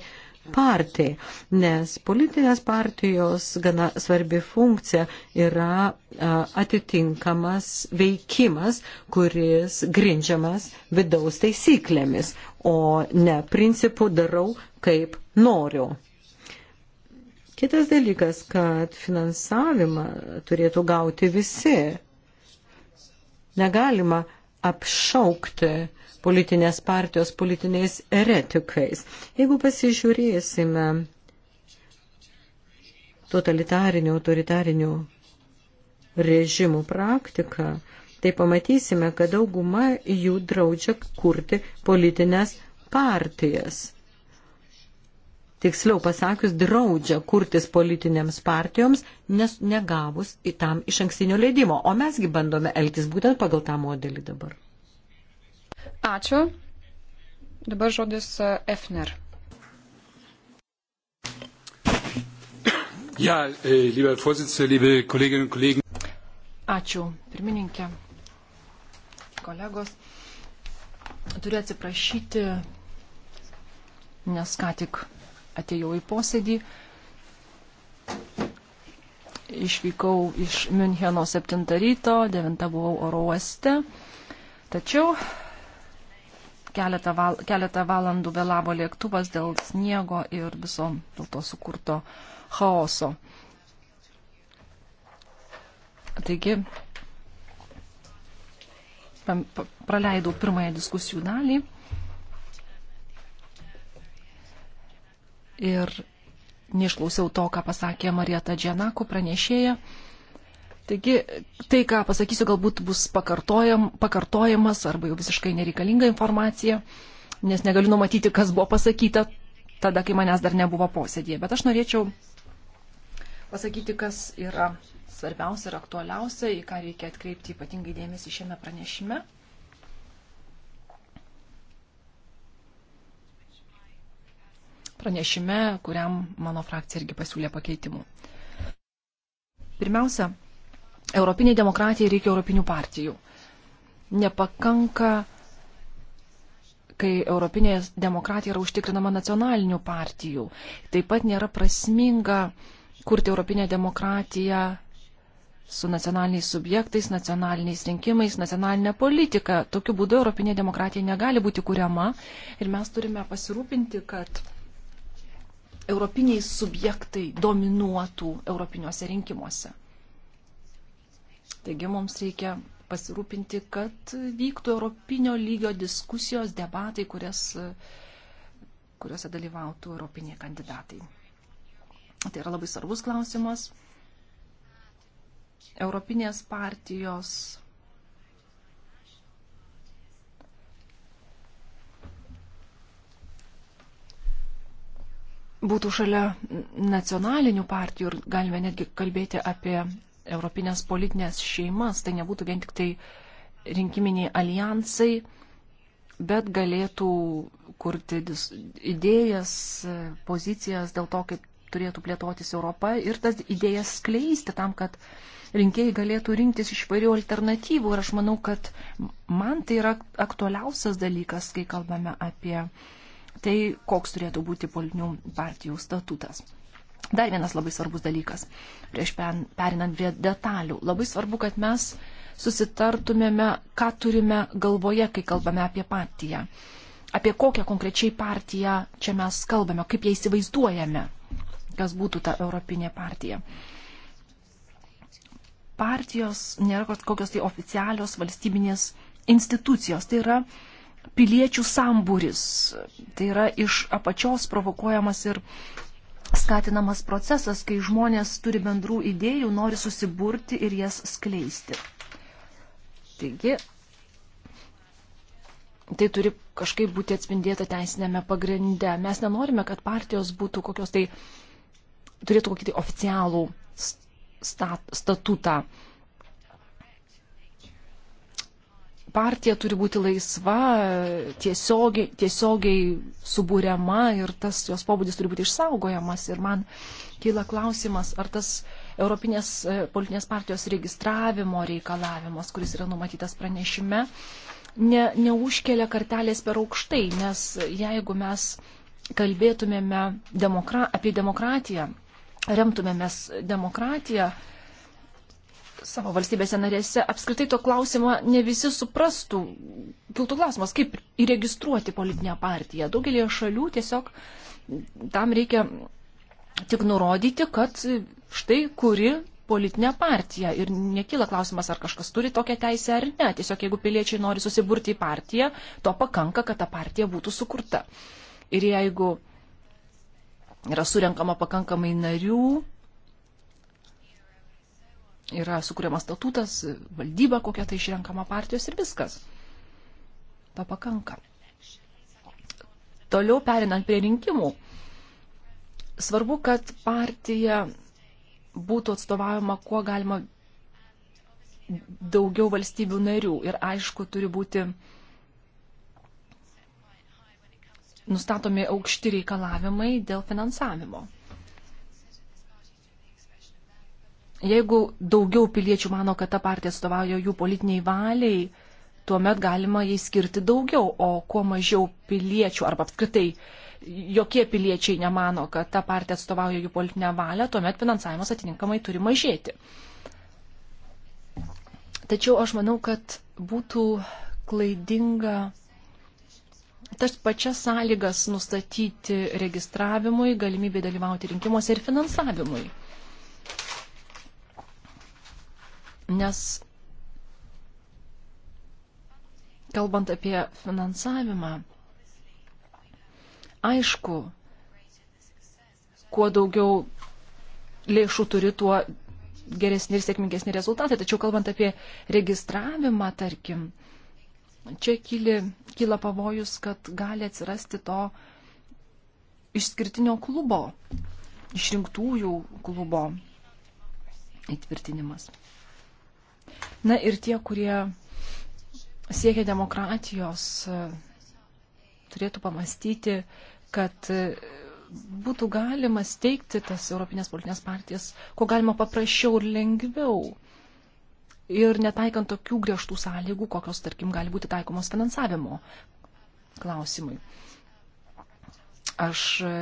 partijai, nes politinės partijos gana svarbi funkcija yra atitinkamas veikimas, kuris grindžiamas vidaus taisyklėmis, o ne principų darau kaip noriu. Kitas dalykas, kad finansavimą turėtų gauti visi. Negalima apšaukti politinės partijos politiniais eretikais. Jeigu pasižiūrėsime totalitarinių, autoritarinių režimų praktiką, tai pamatysime, kad dauguma jų draudžia kurti politinės partijas. Tiksliau pasakius, draudžia kurtis politinėms partijoms, nes negavus į tam iš ankstinio leidimo. O mesgi bandome elgtis būtent pagal tą modelį dabar. Ačiū. Dabar žodis e, Efner. Ja, e, lieber Vorsitzender, liebe Kolleginnen und Kollegen. Ačiū, pirmininkė, kolegos. Turiu atsiprašyti, nes ką tik atėjau į posėdį. Išvykau iš Müncheno 7 ryto, 9 buvau oro uoste. Tačiau keletą, val, keletą valandų vėlavo lėktuvas dėl sniego ir viso dėl to sukurto chaoso. Taigi, praleidau pirmąją diskusijų dalį ir neišklausiau to, ką pasakė Marieta Džianako pranešėja. Taigi, tai, ką pasakysiu, galbūt bus pakartojam, pakartojamas arba jau visiškai nereikalinga informacija, nes negaliu numatyti, kas buvo pasakyta tada, kai manęs dar nebuvo posėdėje. Bet aš norėčiau pasakyti, kas yra svarbiausia ir aktualiausia, į ką reikia atkreipti ypatingai dėmesį šiame pranešime. Pranešime, kuriam mano frakcija irgi pasiūlė pakeitimų. Pirmiausia, Europiniai demokratijai reikia europinių partijų. Nepakanka, kai europinė demokratija yra užtikrinama nacionalinių partijų. Taip pat nėra prasminga kurti europinę demokratiją su nacionaliniais subjektais, nacionaliniais rinkimais, nacionalinė politika. Tokiu būdu Europinė demokratija negali būti kuriama ir mes turime pasirūpinti, kad europiniai subjektai dominuotų europiniuose rinkimuose. Taigi mums reikia pasirūpinti, kad vyktų europinio lygio diskusijos, debatai, kurias, kuriuose dalyvautų europiniai kandidatai. Tai yra labai svarbus klausimas. Europinės partijos būtų šalia nacionalinių partijų ir galime netgi kalbėti apie europinės politinės šeimas, tai nebūtų vien tik tai rinkiminiai alijansai, bet galėtų kurti idėjas, pozicijas dėl to, kaip turėtų plėtotis Europa ir tas idėjas skleisti tam, kad rinkėjai galėtų rinktis iš vairių alternatyvų. Ir aš manau, kad man tai yra aktualiausias dalykas, kai kalbame apie tai, koks turėtų būti politinių partijų statutas. Dar vienas labai svarbus dalykas, prieš perinant prie detalių. Labai svarbu, kad mes susitartumėme, ką turime galvoje, kai kalbame apie partiją. Apie kokią konkrečiai partiją čia mes kalbame, kaip ją įsivaizduojame, kas būtų ta Europinė partija. Partijos nėra kokios tai oficialios valstybinės institucijos. Tai yra piliečių sambūris. Tai yra iš apačios provokuojamas ir skatinamas procesas, kai žmonės turi bendrų idėjų, nori susiburti ir jas skleisti. Taigi, tai turi kažkaip būti atspindėta teisinėme pagrinde. Mes nenorime, kad partijos būtų kokios tai, turėtų kokį tai oficialų stat, statutą. partija turi būti laisva, tiesiogiai, tiesiogiai subūriama ir tas jos pobūdis turi būti išsaugojamas. Ir man kyla klausimas, ar tas Europinės e, politinės partijos registravimo reikalavimas, kuris yra numatytas pranešime, ne, neužkelia kartelės per aukštai, nes jeigu mes kalbėtumėme demokra apie demokratiją, remtumėmės demokratiją, savo valstybėse narėse apskritai to klausimo ne visi suprastų. Kiltų klausimas, kaip įregistruoti politinę partiją. Daugelį šalių tiesiog tam reikia tik nurodyti, kad štai kuri politinė partija. Ir nekyla klausimas, ar kažkas turi tokią teisę ar ne. Tiesiog jeigu piliečiai nori susiburti į partiją, to pakanka, kad ta partija būtų sukurta. Ir jeigu yra surenkama pakankamai narių, Yra sukūriamas statutas, valdyba kokia tai išrenkama partijos ir viskas. To pakanka. Toliau perinant prie rinkimų. Svarbu, kad partija būtų atstovaujama kuo galima daugiau valstybių narių ir aišku turi būti nustatomi aukšti reikalavimai dėl finansavimo. Jeigu daugiau piliečių mano, kad ta partija atstovauja jų politiniai valiai, tuomet galima jai skirti daugiau, o kuo mažiau piliečių arba apskritai jokie piliečiai nemano, kad ta partija atstovauja jų politinę valią, tuomet finansavimas atitinkamai turi mažėti. Tačiau aš manau, kad būtų klaidinga tas pačias sąlygas nustatyti registravimui, galimybė dalyvauti rinkimuose ir finansavimui. nes kalbant apie finansavimą, aišku, kuo daugiau lėšų turi, tuo geresni ir sėkmingesni rezultatai. Tačiau kalbant apie registravimą, tarkim, čia kyli, kyla pavojus, kad gali atsirasti to išskirtinio klubo, išrinktųjų klubo įtvirtinimas. Na ir tie, kurie siekia demokratijos, turėtų pamastyti, kad būtų galima steigti tas Europinės politinės partijas, ko galima paprasčiau ir lengviau. Ir netaikant tokių griežtų sąlygų, kokios, tarkim, gali būti taikomos finansavimo klausimui. Aš e,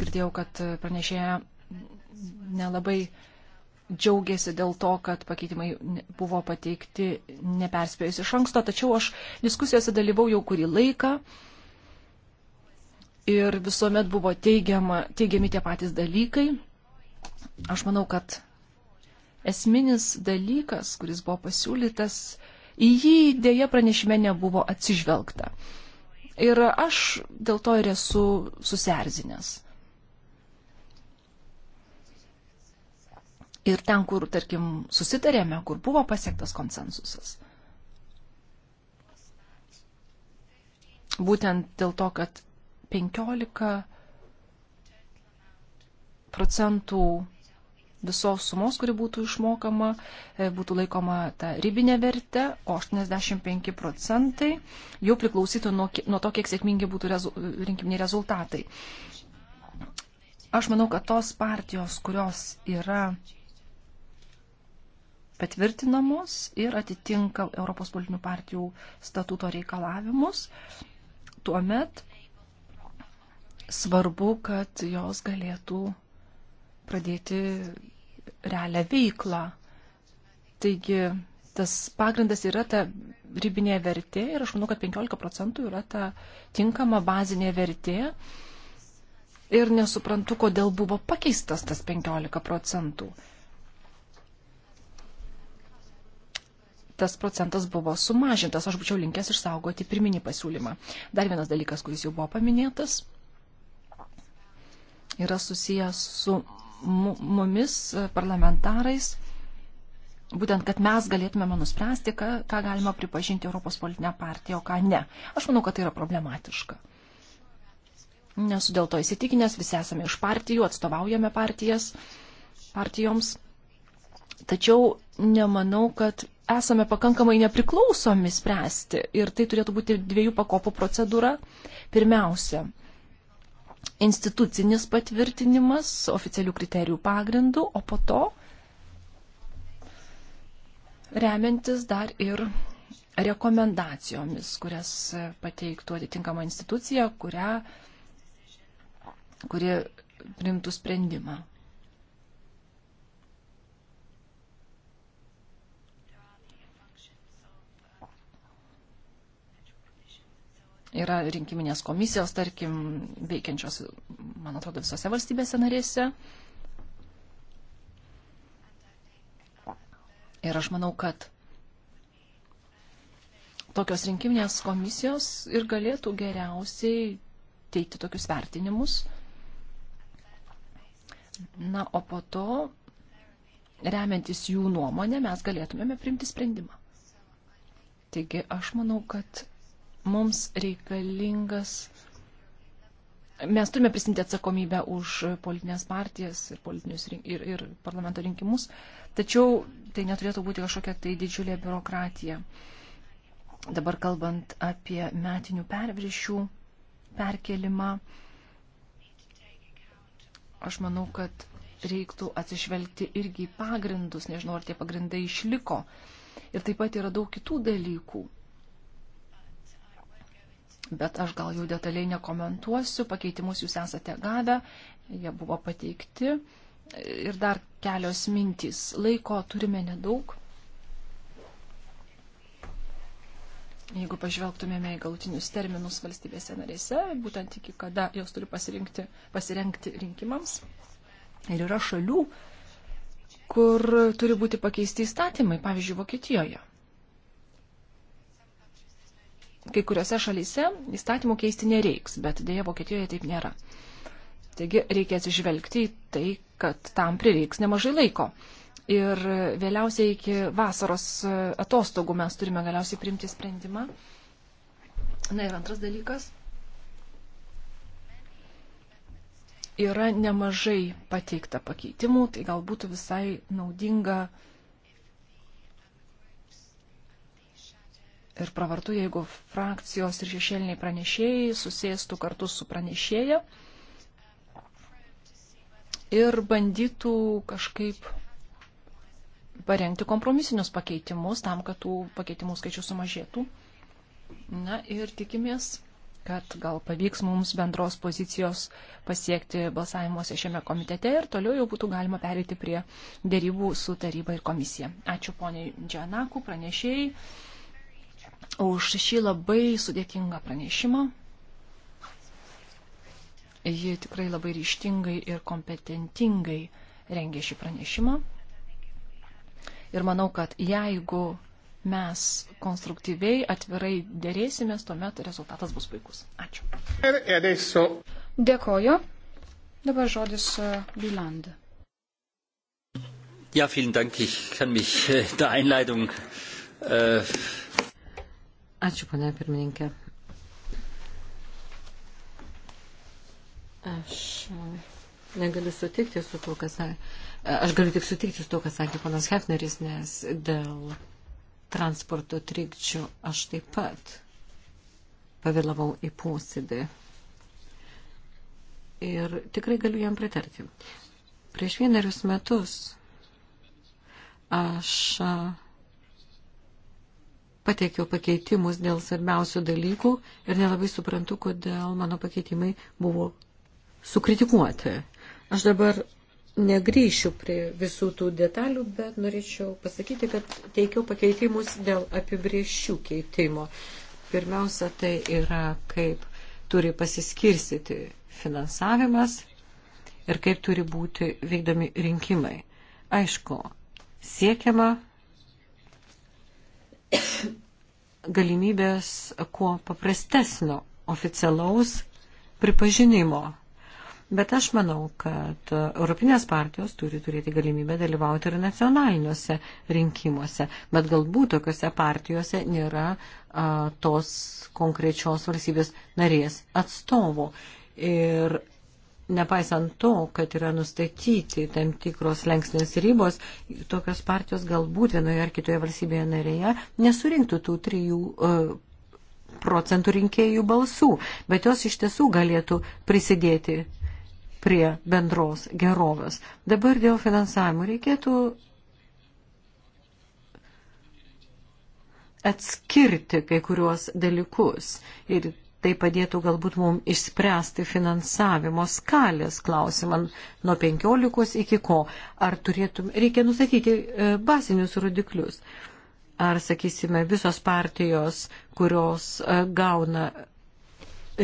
girdėjau, kad pranešėja nelabai uh, džiaugiasi dėl to, kad pakeitimai buvo pateikti neperspėjus iš anksto, tačiau aš diskusijose dalyvau jau kurį laiką ir visuomet buvo teigiama, teigiami tie patys dalykai. Aš manau, kad esminis dalykas, kuris buvo pasiūlytas, į jį dėja pranešime nebuvo atsižvelgta. Ir aš dėl to ir esu susierzinęs. ir ten, kur, tarkim, susitarėme, kur buvo pasiektas konsensusas. Būtent dėl to, kad 15 procentų visos sumos, kuri būtų išmokama, e, būtų laikoma ta ribinė vertė, o 85 procentai jau priklausytų nuo, nuo to, kiek sėkmingi būtų rezu, rinkiminiai rezultatai. Aš manau, kad tos partijos, kurios yra patvirtinamos ir atitinka Europos politinių partijų statuto reikalavimus, tuomet svarbu, kad jos galėtų pradėti realią veiklą. Taigi tas pagrindas yra ta ribinė vertė ir aš manau, kad 15 procentų yra ta tinkama bazinė vertė. Ir nesuprantu, kodėl buvo pakeistas tas 15 procentų. tas procentas buvo sumažintas. Aš būčiau linkęs išsaugoti pirminį pasiūlymą. Dar vienas dalykas, kuris jau buvo paminėtas, yra susijęs su mumis parlamentarais. Būtent, kad mes galėtumėme nuspręsti, ką, ką galima pripažinti Europos politinę partiją, o ką ne. Aš manau, kad tai yra problematiška. Nesu dėl to įsitikinęs, visi esame iš partijų, atstovaujame partijas, partijoms. Tačiau nemanau, kad esame pakankamai nepriklausomi spręsti ir tai turėtų būti dviejų pakopų procedūra. Pirmiausia, institucinis patvirtinimas oficialių kriterijų pagrindų, o po to remiantis dar ir rekomendacijomis, kurias pateiktų atitinkama institucija, kurią, kuri primtų sprendimą. Yra rinkiminės komisijos, tarkim, veikiančios, man atrodo, visose valstybėse narėse. Ir aš manau, kad tokios rinkiminės komisijos ir galėtų geriausiai teikti tokius vertinimus. Na, o po to, remiantis jų nuomonę, mes galėtumėme priimti sprendimą. Taigi aš manau, kad mums reikalingas. Mes turime prisimti atsakomybę už politinės partijas ir, rink, ir, ir parlamento rinkimus, tačiau tai neturėtų būti kažkokia tai didžiulė biurokratija. Dabar kalbant apie metinių perviršių perkelimą, aš manau, kad reiktų atsižvelgti irgi į pagrindus, nežinau, ar tie pagrindai išliko. Ir taip pat yra daug kitų dalykų bet aš gal jų detaliai nekomentuosiu, pakeitimus jūs esate gavę, jie buvo pateikti. Ir dar kelios mintys. Laiko turime nedaug. Jeigu pažvelgtumėme į galutinius terminus valstybėse narėse, būtent iki kada jos turi pasirengti rinkimams. Ir yra šalių, kur turi būti pakeisti įstatymai, pavyzdžiui, Vokietijoje kai kuriuose šalyse įstatymų keisti nereiks, bet dėja Vokietijoje taip nėra. Taigi reikia atsižvelgti į tai, kad tam prireiks nemažai laiko. Ir vėliausiai iki vasaros atostogų mes turime galiausiai priimti sprendimą. Na ir antras dalykas. Yra nemažai pateikta pakeitimų, tai galbūt visai naudinga uh, ir pravartu, jeigu frakcijos ir šešėliniai pranešėjai susėstų kartu su pranešėja ir bandytų kažkaip parengti kompromisinius pakeitimus tam, kad tų pakeitimų skaičius sumažėtų. Na ir tikimės, kad gal pavyks mums bendros pozicijos pasiekti balsavimuose šiame komitete ir toliau jau būtų galima perėti prie dėrybų su taryba ir komisija. Ačiū poniai Džianaku, pranešėjai už šį labai sudėtingą pranešimą. Ji tikrai labai ryštingai ir kompetentingai rengė šį pranešimą. Ir manau, kad jeigu mes konstruktyviai, atvirai dėrėsimės, tuomet rezultatas bus puikus. Ačiū. Dėkoju. Dabar žodis Biland. E, ja, vielen Dank. Ich kann mich äh, der Einleitung äh, Ačiū, ponia pirmininkė. Aš negaliu sutikti su to, kas sakė. Aš galiu tik sutikti su to, kas sakė ponas Hefneris, nes dėl transporto trikdžių aš taip pat pavėlavau į posėdį. Ir tikrai galiu jam pritarti. Prieš vienerius metus aš pateikiau pakeitimus dėl svarbiausių dalykų ir nelabai suprantu, kodėl mano pakeitimai buvo sukritikuoti. Aš dabar negryšiu prie visų tų detalių, bet norėčiau pasakyti, kad teikiau pakeitimus dėl apibriešių keitimo. Pirmiausia, tai yra, kaip turi pasiskirstyti finansavimas ir kaip turi būti vykdomi rinkimai. Aišku, siekiama galimybės kuo paprastesnio oficialaus pripažinimo. Bet aš manau, kad Europinės partijos turi turėti galimybę dalyvauti ir nacionaliniuose rinkimuose, bet galbūt tokiuose partijose nėra a, tos konkrečios valstybės narės atstovų. Ir nepaisant to, kad yra nustatyti tam tikros lenksnės ribos, tokios partijos galbūt vienoje ar kitoje valstybėje narėje nesurinktų tų trijų e, procentų rinkėjų balsų, bet jos iš tiesų galėtų prisidėti prie bendros gerovės. Dabar dėl finansavimo reikėtų atskirti kai kuriuos dalykus ir tai padėtų galbūt mums išspręsti finansavimo skalės klausimą nuo 15 iki ko. Ar turėtum, reikia nustatyti e, bazinius rodiklius. Ar, sakysime, visos partijos, kurios e, gauna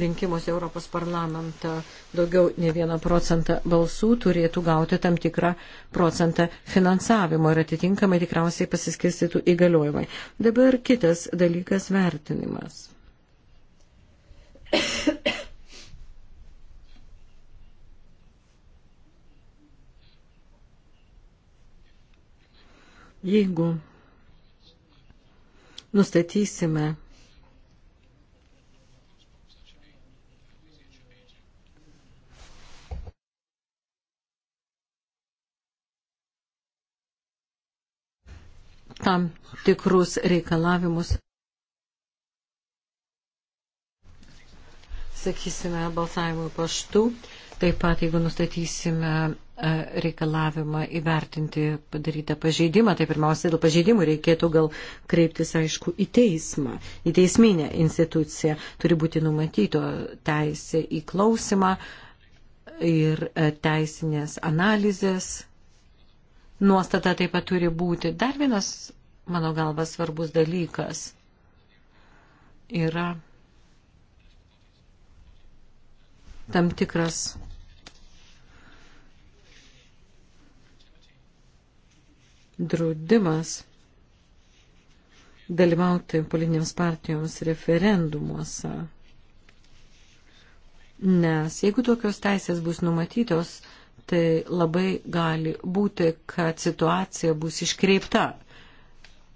rinkimuose Europos parlamentą daugiau ne vieną procentą balsų turėtų gauti tam tikrą procentą finansavimo ir atitinkamai tikriausiai pasiskirstytų įgaliojimai. Dabar kitas dalykas - vertinimas. Jeigu nustatysime tam tikrus reikalavimus atsakysime balsavimui paštu. Taip pat, jeigu nustatysime e, reikalavimą įvertinti padarytą pažeidimą, tai pirmiausia, dėl pažeidimų reikėtų gal kreiptis, aišku, į teismą, į teisminę instituciją. Turi būti numatyto teisė į klausimą ir e, teisinės analizės. Nuostata taip pat turi būti. Dar vienas, mano galva, svarbus dalykas yra tam tikras draudimas dalyvauti politinėms partijoms referendumuose. Nes jeigu tokios teisės bus numatytos, tai labai gali būti, kad situacija bus iškreipta.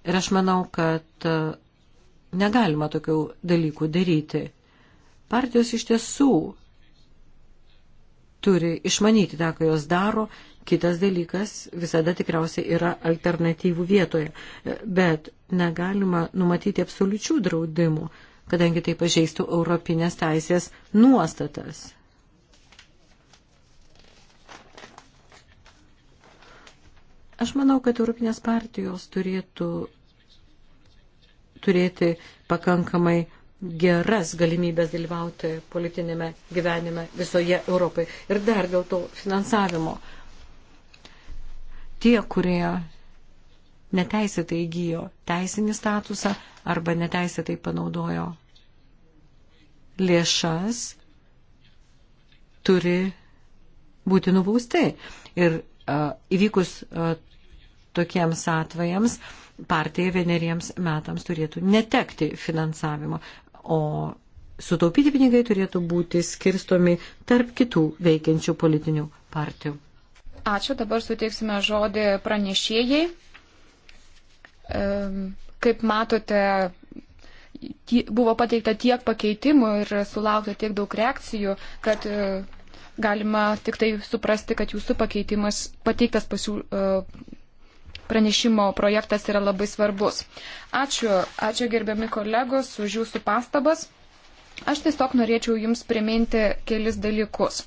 Ir aš manau, kad e, negalima tokių dalykų daryti. Partijos iš tiesų turi išmanyti tą, ką jos daro. Kitas dalykas visada tikriausiai yra alternatyvų vietoje. Bet negalima numatyti absoliučių draudimų, kadangi tai pažeistų europinės teisės nuostatas. Aš manau, kad europinės partijos turėtų turėti pakankamai geras galimybės dalyvauti politinėme gyvenime visoje Europoje. Ir dar dėl to finansavimo. Tie, kurie neteisėtai įgyjo teisinį statusą arba neteisėtai panaudojo lėšas, turi būti nubausti. Ir uh, įvykus uh, tokiems atvejams partija vieneriems metams turėtų netekti finansavimo o sutaupyti pinigai turėtų būti skirstomi tarp kitų veikiančių politinių partijų. Ačiū, dabar suteiksime žodį pranešėjai. Kaip matote, buvo pateikta tiek pakeitimų ir sulaukta tiek daug reakcijų, kad e, galima tik tai suprasti, kad jūsų pakeitimas pateiktas pasiūlymas e, pranešimo projektas yra labai svarbus. Ačiū, ačiū gerbiami kolegos už jūsų pastabas. Aš tiesiog norėčiau Jums priminti kelis dalykus.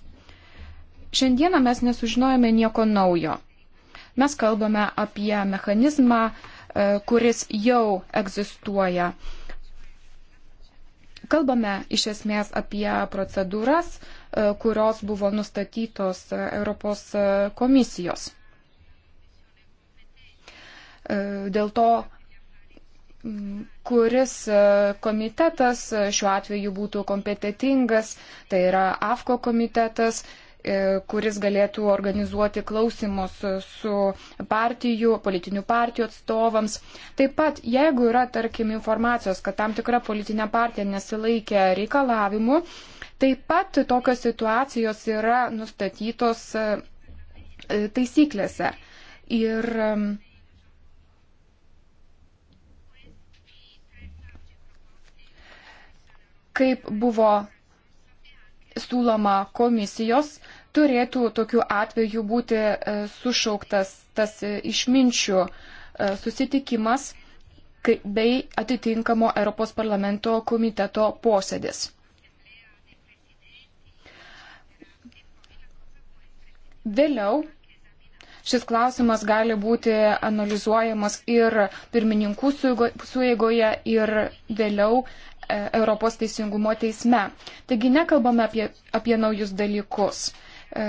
Šiandieną mes nesužinojame nieko naujo. Mes kalbame apie mechanizmą, e, kuris jau egzistuoja. Kalbame iš esmės apie procedūras, e, kurios buvo nustatytos Europos e, komisijos. E, dėl to, kuris e, komitetas e, šiuo atveju būtų kompetitingas, tai yra AFKO komitetas, kuris galėtų organizuoti klausimus su partijų, politinių partijų atstovams. Taip pat, jeigu yra, tarkim, informacijos, kad tam tikra politinė partija nesilaikė reikalavimų, taip pat tokios situacijos yra nustatytos taisyklėse. Ir kaip buvo siūloma komisijos, turėtų tokiu atveju būti e, sušauktas tas e, išminčių e, susitikimas bei atitinkamo Europos parlamento komiteto posėdis. Vėliau šis klausimas gali būti analizuojamas ir pirmininkų sueigoje, ir vėliau E, Europos teisingumo teisme. Taigi nekalbame apie, apie naujus dalykus. E,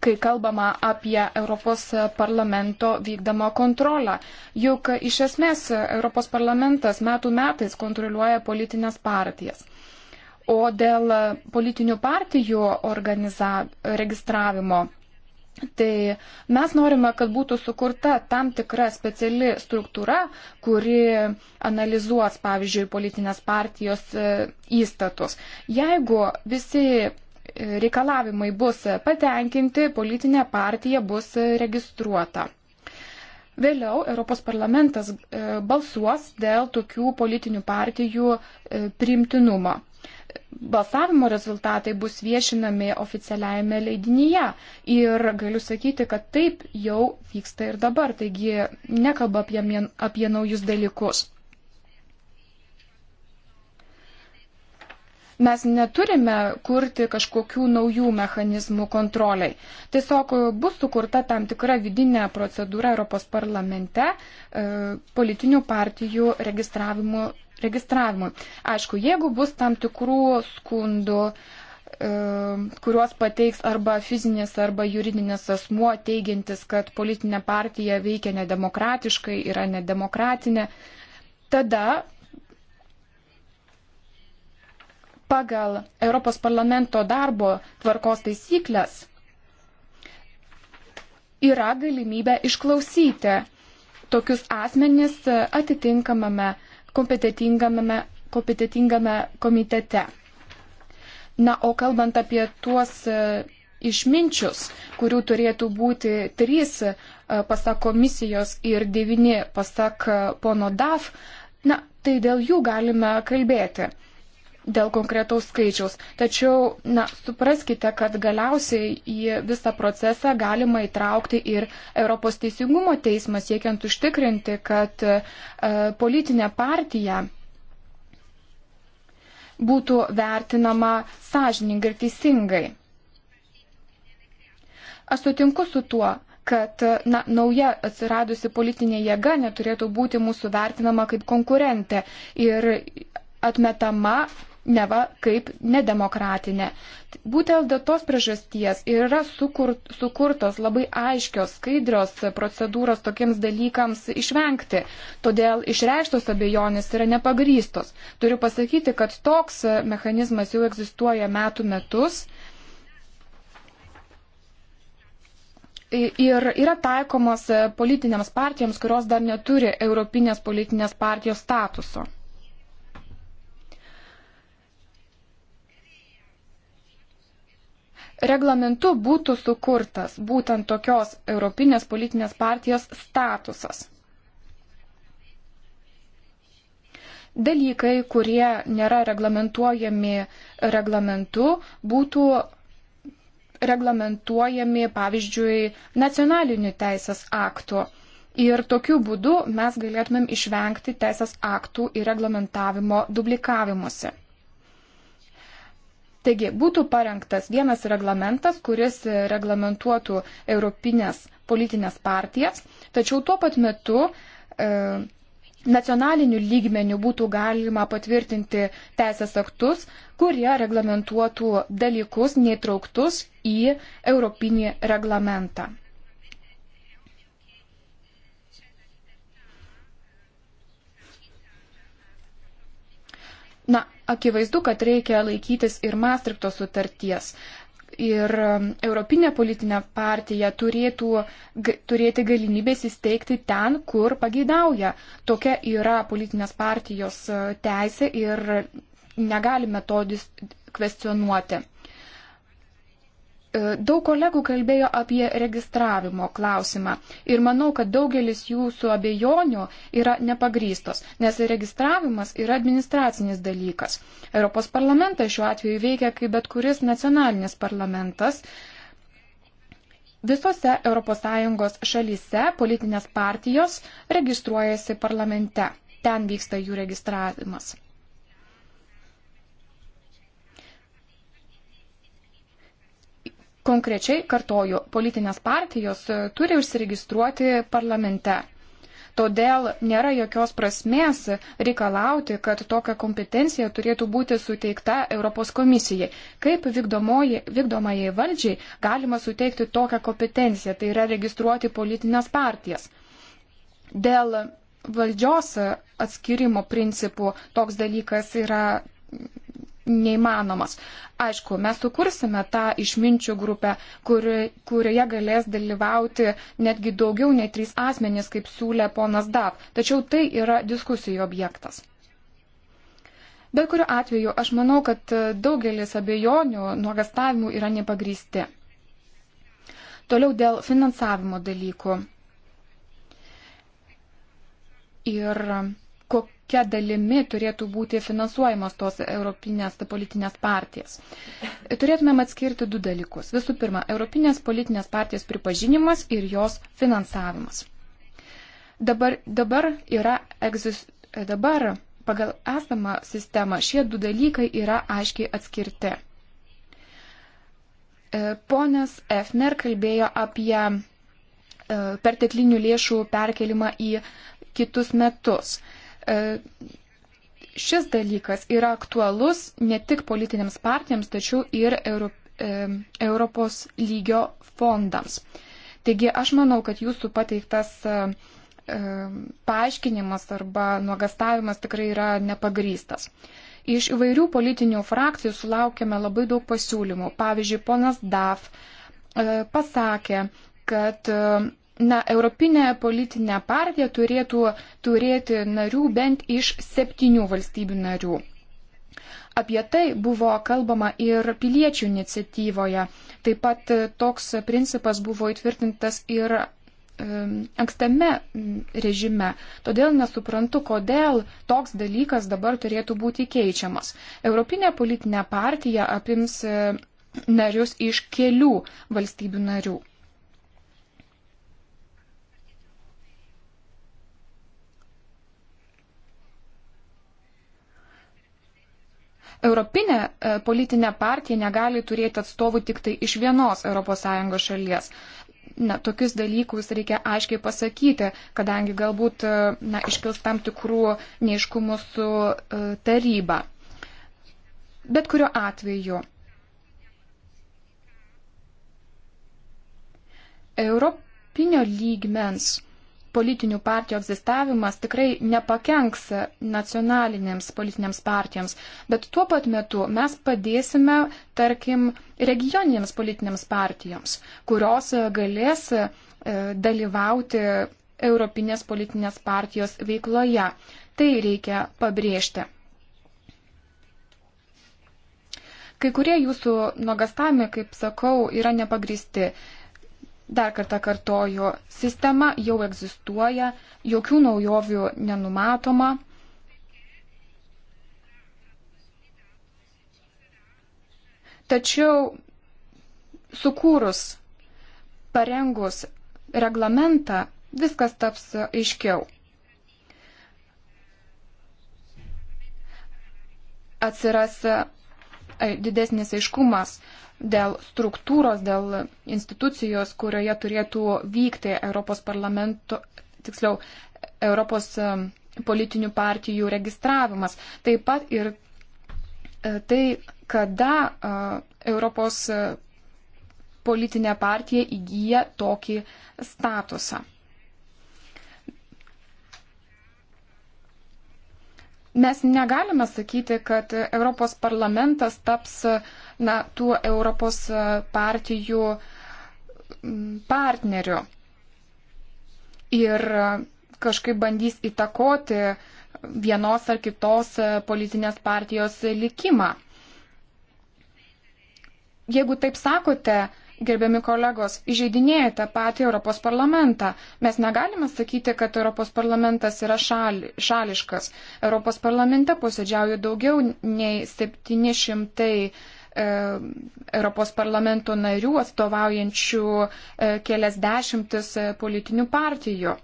kai kalbama apie Europos parlamento vykdomą kontrolę, juk iš esmės Europos parlamentas metų metais kontroliuoja politinės partijas. O dėl politinių partijų organiza... registravimo Tai mes norime, kad būtų sukurta tam tikra speciali struktūra, kuri analizuos, pavyzdžiui, politinės partijos e, įstatus. Jeigu visi e, reikalavimai bus patenkinti, politinė partija bus registruota. Vėliau Europos parlamentas e, balsuos dėl tokių politinių partijų primtinumo balsavimo rezultatai bus viešinami oficialiajame leidinyje. Ir galiu sakyti, kad taip jau vyksta ir dabar, taigi nekalba apie, apie naujus dalykus. Mes neturime kurti kažkokių naujų mechanizmų kontroliai. Tiesiog bus sukurta tam tikra vidinė procedūra Europos parlamente e, politinių partijų registravimo registravimui. Aišku, jeigu bus tam tikrų skundų, e, kuriuos pateiks arba fizinis, arba juridinis asmuo teigiantis, kad politinė partija veikia nedemokratiškai, yra nedemokratinė, tada pagal Europos parlamento darbo tvarkos taisyklės yra galimybė išklausyti tokius asmenys atitinkamame kompetitingame, kompetitingame komitete. Na, o kalbant apie tuos e, išminčius, kurių turėtų būti trys, e, pasak komisijos, ir devyni, pasak e, pono DAF, na, tai dėl jų galime kalbėti dėl konkretaus skaičiaus. Tačiau, na, supraskite, kad galiausiai į visą procesą galima įtraukti ir Europos teisingumo teismą, siekiant užtikrinti, kad e, politinė partija būtų vertinama sąžiningai ir teisingai. Aš sutinku su tuo, kad na, nauja atsiradusi politinė jėga neturėtų būti mūsų vertinama kaip konkurentė ir atmetama neva kaip nedemokratinė. Būtent dėl tos priežasties yra sukur, sukurtos labai aiškios, skaidrios procedūros tokiems dalykams išvengti. Todėl išreikštos abejonės yra nepagrystos. Turiu pasakyti, kad toks mechanizmas jau egzistuoja metų metus. ir yra taikomos politinėms partijoms, kurios dar neturi Europinės politinės partijos statuso. reglamentu būtų sukurtas būtent tokios Europinės politinės partijos statusas. Dalykai, kurie nėra reglamentuojami reglamentu, būtų reglamentuojami, pavyzdžiui, nacionaliniu teisės aktu. Ir tokiu būdu mes galėtumėm išvengti teisės aktų ir reglamentavimo dublikavimuose. Taigi būtų parengtas vienas reglamentas, kuris reglamentuotų europinės politinės partijas, tačiau tuo pat metu e, nacionaliniu lygmeniu būtų galima patvirtinti teisės aktus, kurie reglamentuotų dalykus neįtrauktus į europinį reglamentą. Na, akivaizdu, kad reikia laikytis ir Maastrichto sutarties. Ir um, Europinė politinė partija turėtų turėti galimybės įsteigti ten, kur pageidauja. Tokia yra politinės partijos uh, teisė ir negalime to kvestionuoti. E, daug kolegų kalbėjo apie registravimo klausimą ir manau, kad daugelis jūsų abejonių yra nepagrystos, nes registravimas yra administracinis dalykas. Europos parlamentas šiuo atveju veikia kaip bet kuris nacionalinis parlamentas. Visose ES šalyse politinės partijos registruojasi parlamente. Ten vyksta jų registravimas. Konkrečiai, kartoju, politinės partijos e, turi užsiregistruoti parlamente. Todėl nėra jokios prasmės reikalauti, kad tokia kompetencija turėtų būti suteikta Europos komisijai. Kaip vykdomajai valdžiai galima suteikti tokią kompetenciją, tai yra registruoti politinės partijas. Dėl valdžios atskirimo principų toks dalykas yra neįmanomas. Aišku, mes sukursime tą išminčių grupę, kuri, kurioje galės dalyvauti netgi daugiau nei trys asmenys, kaip siūlė ponas Dav. Tačiau tai yra diskusijų objektas. Bet kuriu atveju, aš manau, kad daugelis abejonių nuogastavimų yra nepagrysti. Toliau dėl finansavimo dalykų. Ir kokia dalimi turėtų būti finansuojamos tos europinės politinės partijas. Turėtumėm atskirti du dalykus. Visų pirma, europinės politinės partijos pripažinimas ir jos finansavimas. Dabar, dabar yra egzistuoja. Dabar pagal esamą sistemą šie du dalykai yra aiškiai atskirti. E, ponas Efner kalbėjo apie e, perteklinių lėšų perkelimą į kitus metus. E, šis dalykas yra aktualus ne tik politinėms partijams, tačiau ir Euro, e, Europos lygio fondams. Taigi aš manau, kad jūsų pateiktas e, paaiškinimas arba nuogastavimas tikrai yra nepagrystas. Iš įvairių politinių frakcijų sulaukėme labai daug pasiūlymų. Pavyzdžiui, ponas DAF pasakė, kad na, Europinė politinė partija turėtų turėti narių bent iš septynių valstybių narių. Apie tai buvo kalbama ir piliečių iniciatyvoje. Taip pat e, toks principas buvo įtvirtintas ir ankstame režime. Todėl nesuprantu, kodėl toks dalykas dabar turėtų būti keičiamas. Europinė politinė partija apims e, narius iš kelių valstybių narių. Europinė e, politinė partija negali turėti atstovų tik tai iš vienos ES šalies. Na, tokius dalykus reikia aiškiai pasakyti, kadangi galbūt e, na, iškils tam tikrų neiškumų su e, taryba. Bet kuriuo atveju. Europinio lygmens politinių partijų egzistavimas tikrai nepakenks nacionalinėms politinėms partijoms, bet tuo pat metu mes padėsime, tarkim, regioninėms politinėms partijoms, kurios galės e, dalyvauti Europinės politinės partijos veikloje. Tai reikia pabrėžti. Kai kurie jūsų nuogastavimai, kaip sakau, yra nepagristi Dar kartą kartoju, sistema jau egzistuoja, jokių naujovių nenumatoma. Tačiau sukūrus, parengus reglamentą, viskas taps aiškiau. Atsiras E, didesnis aiškumas dėl struktūros, dėl institucijos, kurioje turėtų vykti Europos parlamento, tiksliau, Europos e, politinių partijų registravimas. Taip pat ir e, tai, kada Europos politinė partija įgyja tokį statusą. mes negalime sakyti, kad Europos parlamentas taps na, tų Europos partijų mm, partneriu ir kažkaip bandys įtakoti vienos ar kitos politinės partijos likimą. Jeigu taip sakote, gerbiami kolegos, įžeidinėjate patį Europos parlamentą. Mes negalime sakyti, kad Europos parlamentas yra šali, šališkas. Europos parlamente posėdžiauju daugiau nei 700 e, Europos parlamento narių atstovaujančių e, kelias dešimtis e, politinių partijų.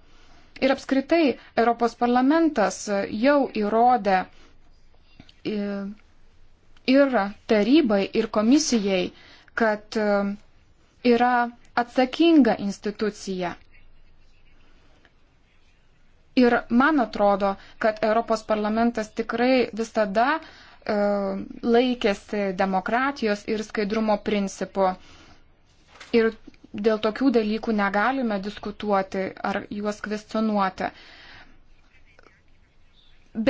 Ir apskritai Europos parlamentas jau įrodė e, ir tarybai, ir komisijai, kad e, yra atsakinga institucija. Ir man atrodo, kad Europos parlamentas tikrai visada e, laikėsi demokratijos ir skaidrumo principų. Ir dėl tokių dalykų negalime diskutuoti ar juos kvestionuoti.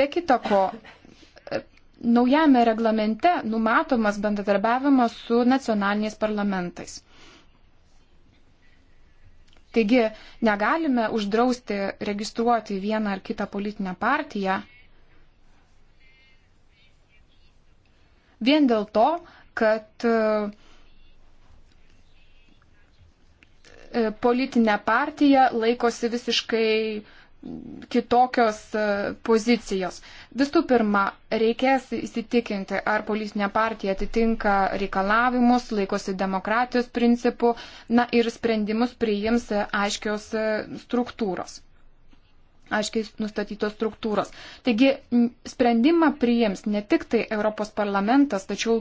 Be kita ko, e, naujame reglamente numatomas bendradarbiavimas su nacionaliniais parlamentais. Taigi negalime uždrausti registruoti vieną ar kitą politinę partiją vien dėl to, kad e, politinė partija laikosi visiškai uh, kitokios e, pozicijos. Visų pirma, reikės įsitikinti, ar politinė partija atitinka reikalavimus, laikosi demokratijos principų, na ir sprendimus priims e, aiškios e, struktūros. Aiškiai nustatytos struktūros. Taigi sprendimą priims ne tik tai Europos parlamentas, tačiau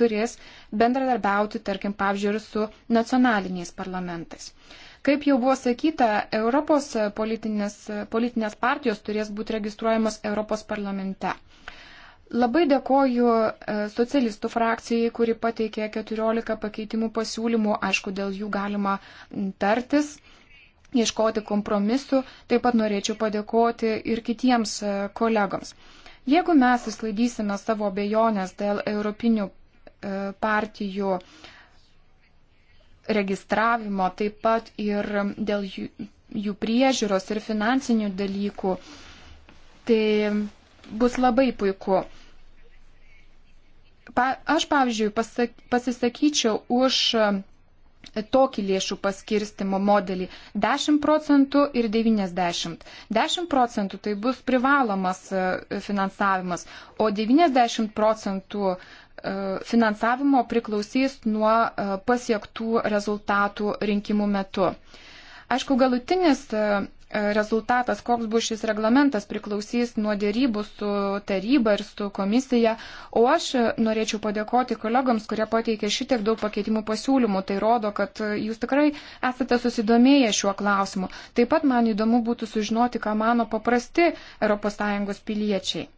turės bendradarbiauti, tarkim, pavyzdžiui, ir su nacionaliniais parlamentais. Uh, Kaip jau buvo sakyta, Europos politinės, politinės partijos turės būti registruojamos Europos parlamente. Labai dėkoju e, socialistų frakcijai, kuri pateikė 14 pakeitimų pasiūlymų, aišku, dėl jų galima tartis, ieškoti kompromisų, taip pat norėčiau padėkoti ir kitiems e, kolegoms. Jeigu mes išlaidysime savo bejonės dėl europinių e, partijų uh, registravimo, taip pat ir dėl jų, jų priežiūros ir finansinių dalykų. Tai bus labai puiku. Pa, aš, pavyzdžiui, pasak, pasisakyčiau už tokį lėšų paskirstimo modelį 10 procentų ir 90. 10 procentų tai bus privalomas e, finansavimas, o 90 procentų E, finansavimo priklausys nuo e, pasiektų rezultatų rinkimų metu. Aišku, galutinis e, rezultatas, koks bus šis reglamentas, priklausys nuo dėrybų su taryba ir su komisija. O aš norėčiau padėkoti kolegams, kurie pateikė šitiek daug pakeitimų pasiūlymų. Tai rodo, kad jūs tikrai esate susidomėję šiuo klausimu. Taip pat man įdomu būtų sužinoti, ką mano paprasti ES piliečiai.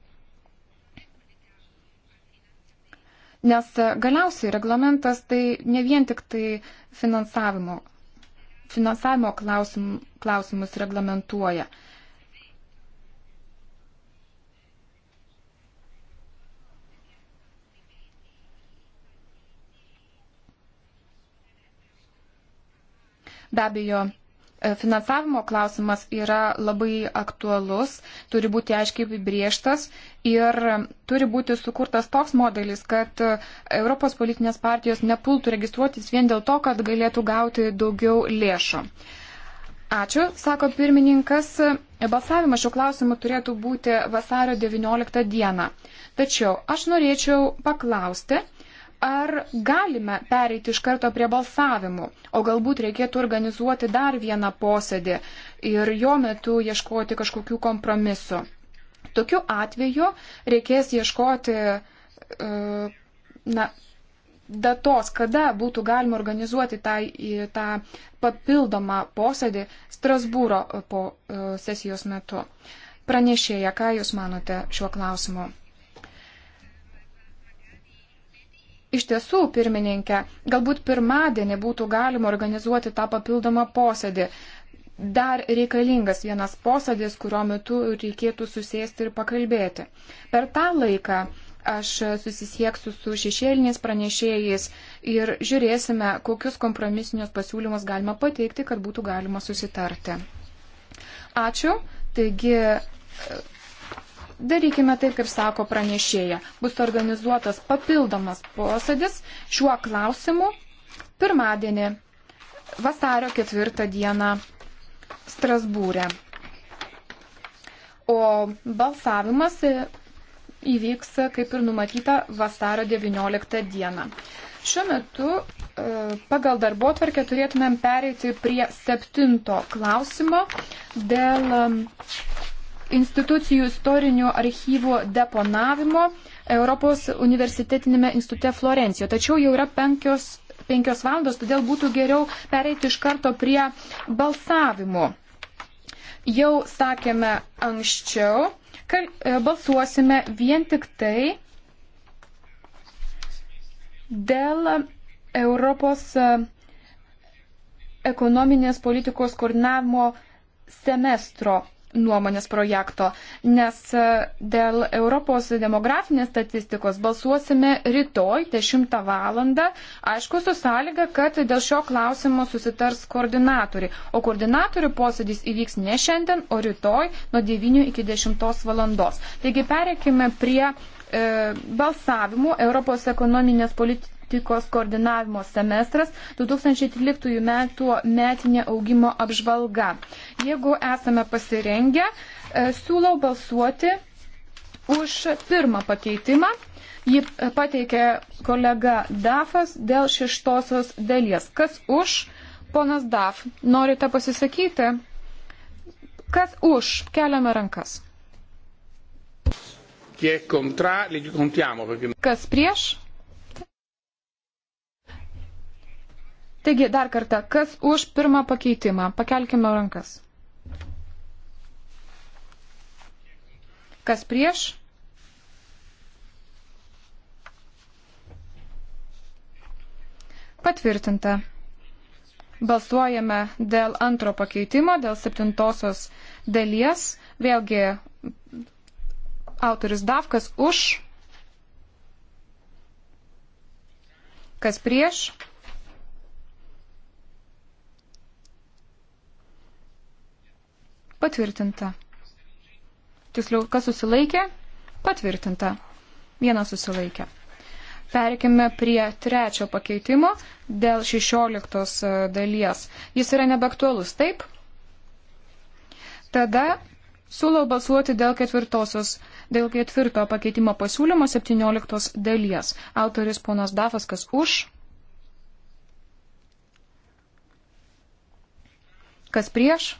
Nes galiausiai reglamentas tai ne vien tik tai finansavimo, finansavimo klausim, klausimus reglamentuoja. Be abejo, Finansavimo klausimas yra labai aktualus, turi būti aiškiai apibrieštas ir turi būti sukurtas toks modelis, kad Europos politinės partijos nepultų registruotis vien dėl to, kad galėtų gauti daugiau lėšų. Ačiū, sako pirmininkas. Balsavimas šiuo klausimu turėtų būti vasario 19 dieną. Tačiau aš norėčiau paklausti, ar galime pereiti iš karto prie balsavimų, o galbūt reikėtų organizuoti dar vieną posėdį ir jo metu ieškoti kažkokių kompromisų. Tokiu atveju reikės ieškoti e, na, datos, kada būtų galima organizuoti tą, tą papildomą posėdį Strasbūro po e, sesijos metu. Pranešėja, ką Jūs manote šiuo klausimu? Iš tiesų, pirmininkė, galbūt pirmadienį būtų galima organizuoti tą papildomą posėdį. Dar reikalingas vienas posėdis, kurio metu reikėtų susėsti ir pakalbėti. Per tą laiką aš susisieksiu su šešėliniais pranešėjais ir žiūrėsime, kokius kompromisinius pasiūlymus galima pateikti, kad būtų galima susitarti. Ačiū. Taigi darykime taip, kaip sako pranešėja. Bus organizuotas papildomas posėdis šiuo klausimu pirmadienį, vasario ketvirtą dieną Strasbūrė. O balsavimas įvyks, kaip ir numatyta, vasario 19 dieną. Šiuo metu e, pagal darbo tvarkę turėtumėm pereiti prie septinto klausimo dėl institucijų istorinių archyvų deponavimo Europos universitetinėme institute Florencijoje. Tačiau jau yra penkios, penkios valandos, todėl būtų geriau pereiti iš karto prie balsavimo. Jau sakėme anksčiau, kad e, balsuosime vien tik tai dėl Europos e, ekonominės politikos koordinavimo semestro nuomonės projekto, nes e, dėl Europos demografinės statistikos balsuosime rytoj 10 val. Aišku, su sąlyga, kad dėl šio klausimo susitars koordinatoriai. O koordinatorių posėdis įvyks ne šiandien, o rytoj nuo 9 iki 10 val. Taigi pereikime prie e, balsavimų Europos ekonominės politikos politikos koordinavimo semestras 2013 metų metinė augimo apžvalga. Jeigu esame pasirengę, e, siūlau balsuoti už pirmą pakeitimą. Jį pateikė kolega Dafas dėl šeštosios dalies. Kas už? Ponas Daf, norite pasisakyti? Kas už? Keliame rankas. Kas prieš? Taigi, dar kartą, kas už pirmą pakeitimą? Pakelkime rankas. Kas prieš? Patvirtinta. Balsuojame dėl antro pakeitimo, dėl septintosios dalies. Vėlgi autoris Davkas už. Kas prieš? Patvirtinta. Tiksliau, kas susilaikė? Patvirtinta. Vienas susilaikė. Perkime prie trečio pakeitimo dėl 16 e, dalies. Jis yra nebeaktualus, taip? Tada siūlau balsuoti dėl ketvirtosios, dėl ketvirto pakeitimo pasiūlymo 17 dalies. Autoris ponas Dafas, kas už? Kas prieš?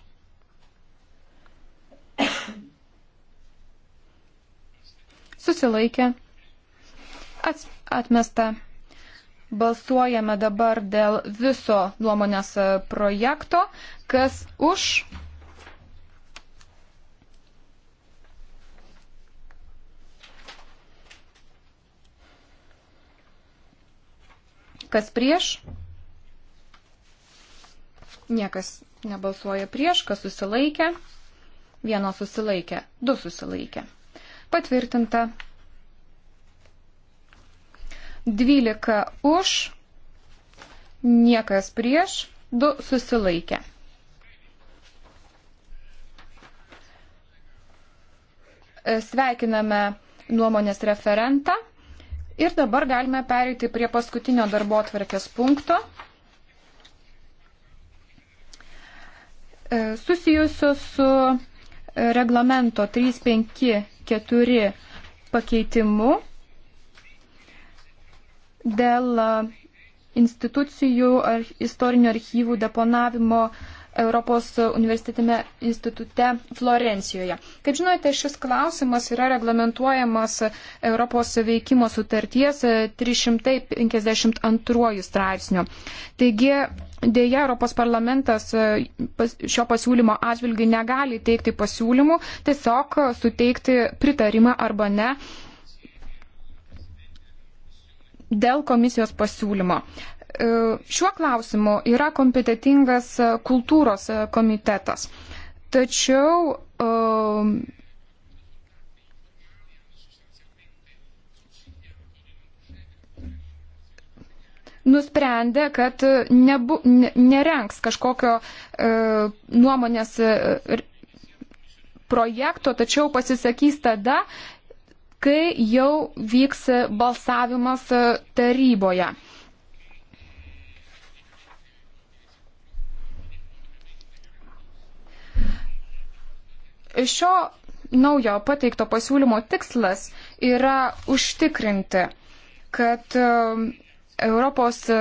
Susilaikė. Atmesta. Balsuojame dabar dėl viso nuomonės e, projekto. Kas už? Kas prieš? Niekas nebalsuoja prieš, kas susilaikė vieno susilaikė, du susilaikė. Patvirtinta. 12 už, niekas prieš, du susilaikė. Sveikiname nuomonės referentą ir dabar galime pereiti prie paskutinio darbo atvarkės punkto. E, susijusio su reglamento 354 pakeitimu dėl institucijų ar istorinių archyvų deponavimo Europos universitetime institute Florencijoje. Kaip žinote, šis klausimas yra reglamentuojamas Europos veikimo sutarties 352 straipsnio. Taigi, Deja, Europos parlamentas šio pasiūlymo atžvilgiai negali teikti pasiūlymų, tiesiog suteikti pritarimą arba ne dėl komisijos pasiūlymo. E, šiuo klausimu yra kompetitingas kultūros komitetas. Tačiau e, nusprendė, kad nebu, nerenks kažkokio e, nuomonės e, projekto, tačiau pasisakys tada, kai jau vyks balsavimas taryboje. Šio naujo pateikto pasiūlymo tikslas yra užtikrinti, kad e, Europos e,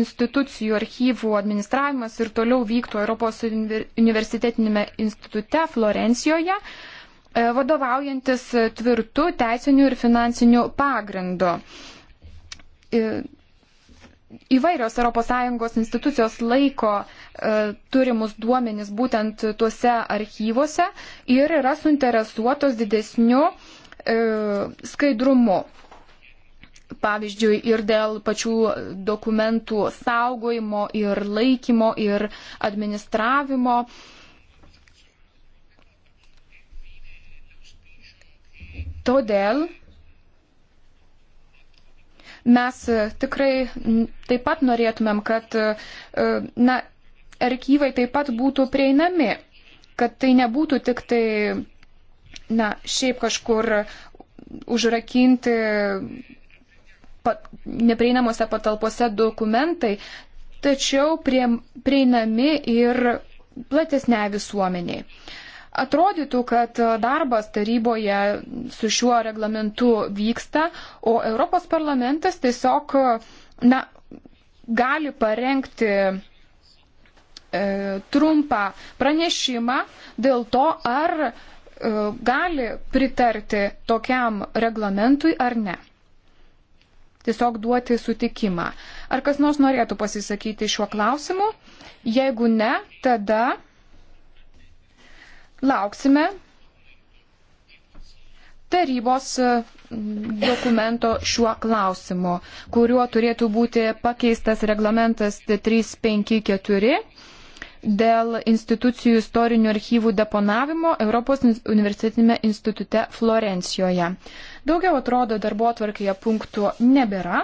institucijų archyvų administravimas ir toliau vyktų Europos universitetinėme institute Florencijoje, e, vadovaujantis tvirtų teisinių ir finansinių pagrindų įvairios ES institucijos laiko e, turimus duomenis būtent tuose archyvuose ir yra suinteresuotos didesniu e, skaidrumu. Pavyzdžiui, ir dėl pačių dokumentų saugojimo ir laikymo ir administravimo. Todėl Mes e, tikrai taip pat norėtumėm, kad e, e, na, archyvai taip pat būtų prieinami, kad tai nebūtų tik tai, na, šiaip kažkur užrakinti pat, neprieinamuose patalpose dokumentai, tačiau prie, prieinami ir platesnė visuomeniai. Uh, Atrodytų, kad e, darbas taryboje su šiuo reglamentu vyksta, o Europos parlamentas tiesiog e, na, gali parengti e, trumpą pranešimą dėl to, ar e, gali pritarti tokiam reglamentui ar ne tiesiog duoti sutikimą. Ar kas nors norėtų pasisakyti šiuo klausimu? Jeigu ne, tada Lauksime tarybos e, dokumento šiuo klausimu, kuriuo turėtų būti pakeistas reglamentas 354 dėl institucijų istorinių archyvų deponavimo Europos universitetinėme institute Florencijoje. Daugiau atrodo darbo atvarkėje punktų nebėra.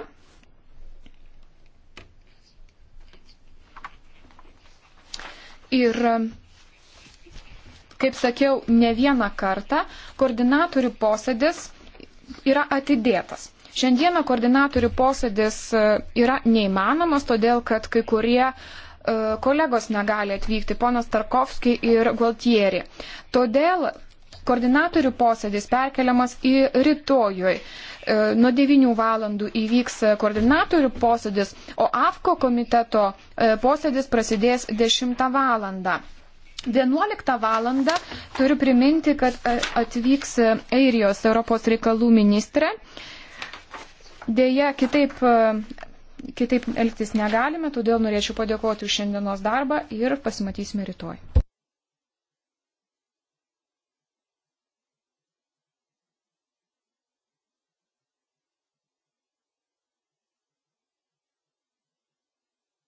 Ir Kaip sakiau, ne vieną kartą koordinatorių posėdis yra atidėtas. Šiandieną koordinatorių posėdis e, yra neįmanomas, todėl kad kai kurie e, kolegos negali atvykti, ponas Tarkovski ir Gualtieri. Todėl koordinatorių posėdis perkeliamas į rytojui. E, nuo 9 valandų įvyks koordinatorių posėdis, o AFKO komiteto posėdis prasidės 10 valandą. 11 val. turiu priminti, kad e, atvyks e, Airijos Europos reikalų ministrė. Deja, kitaip, e, kitaip elgtis negalime, todėl norėčiau padėkoti už šiandienos darbą ir pasimatysime rytoj.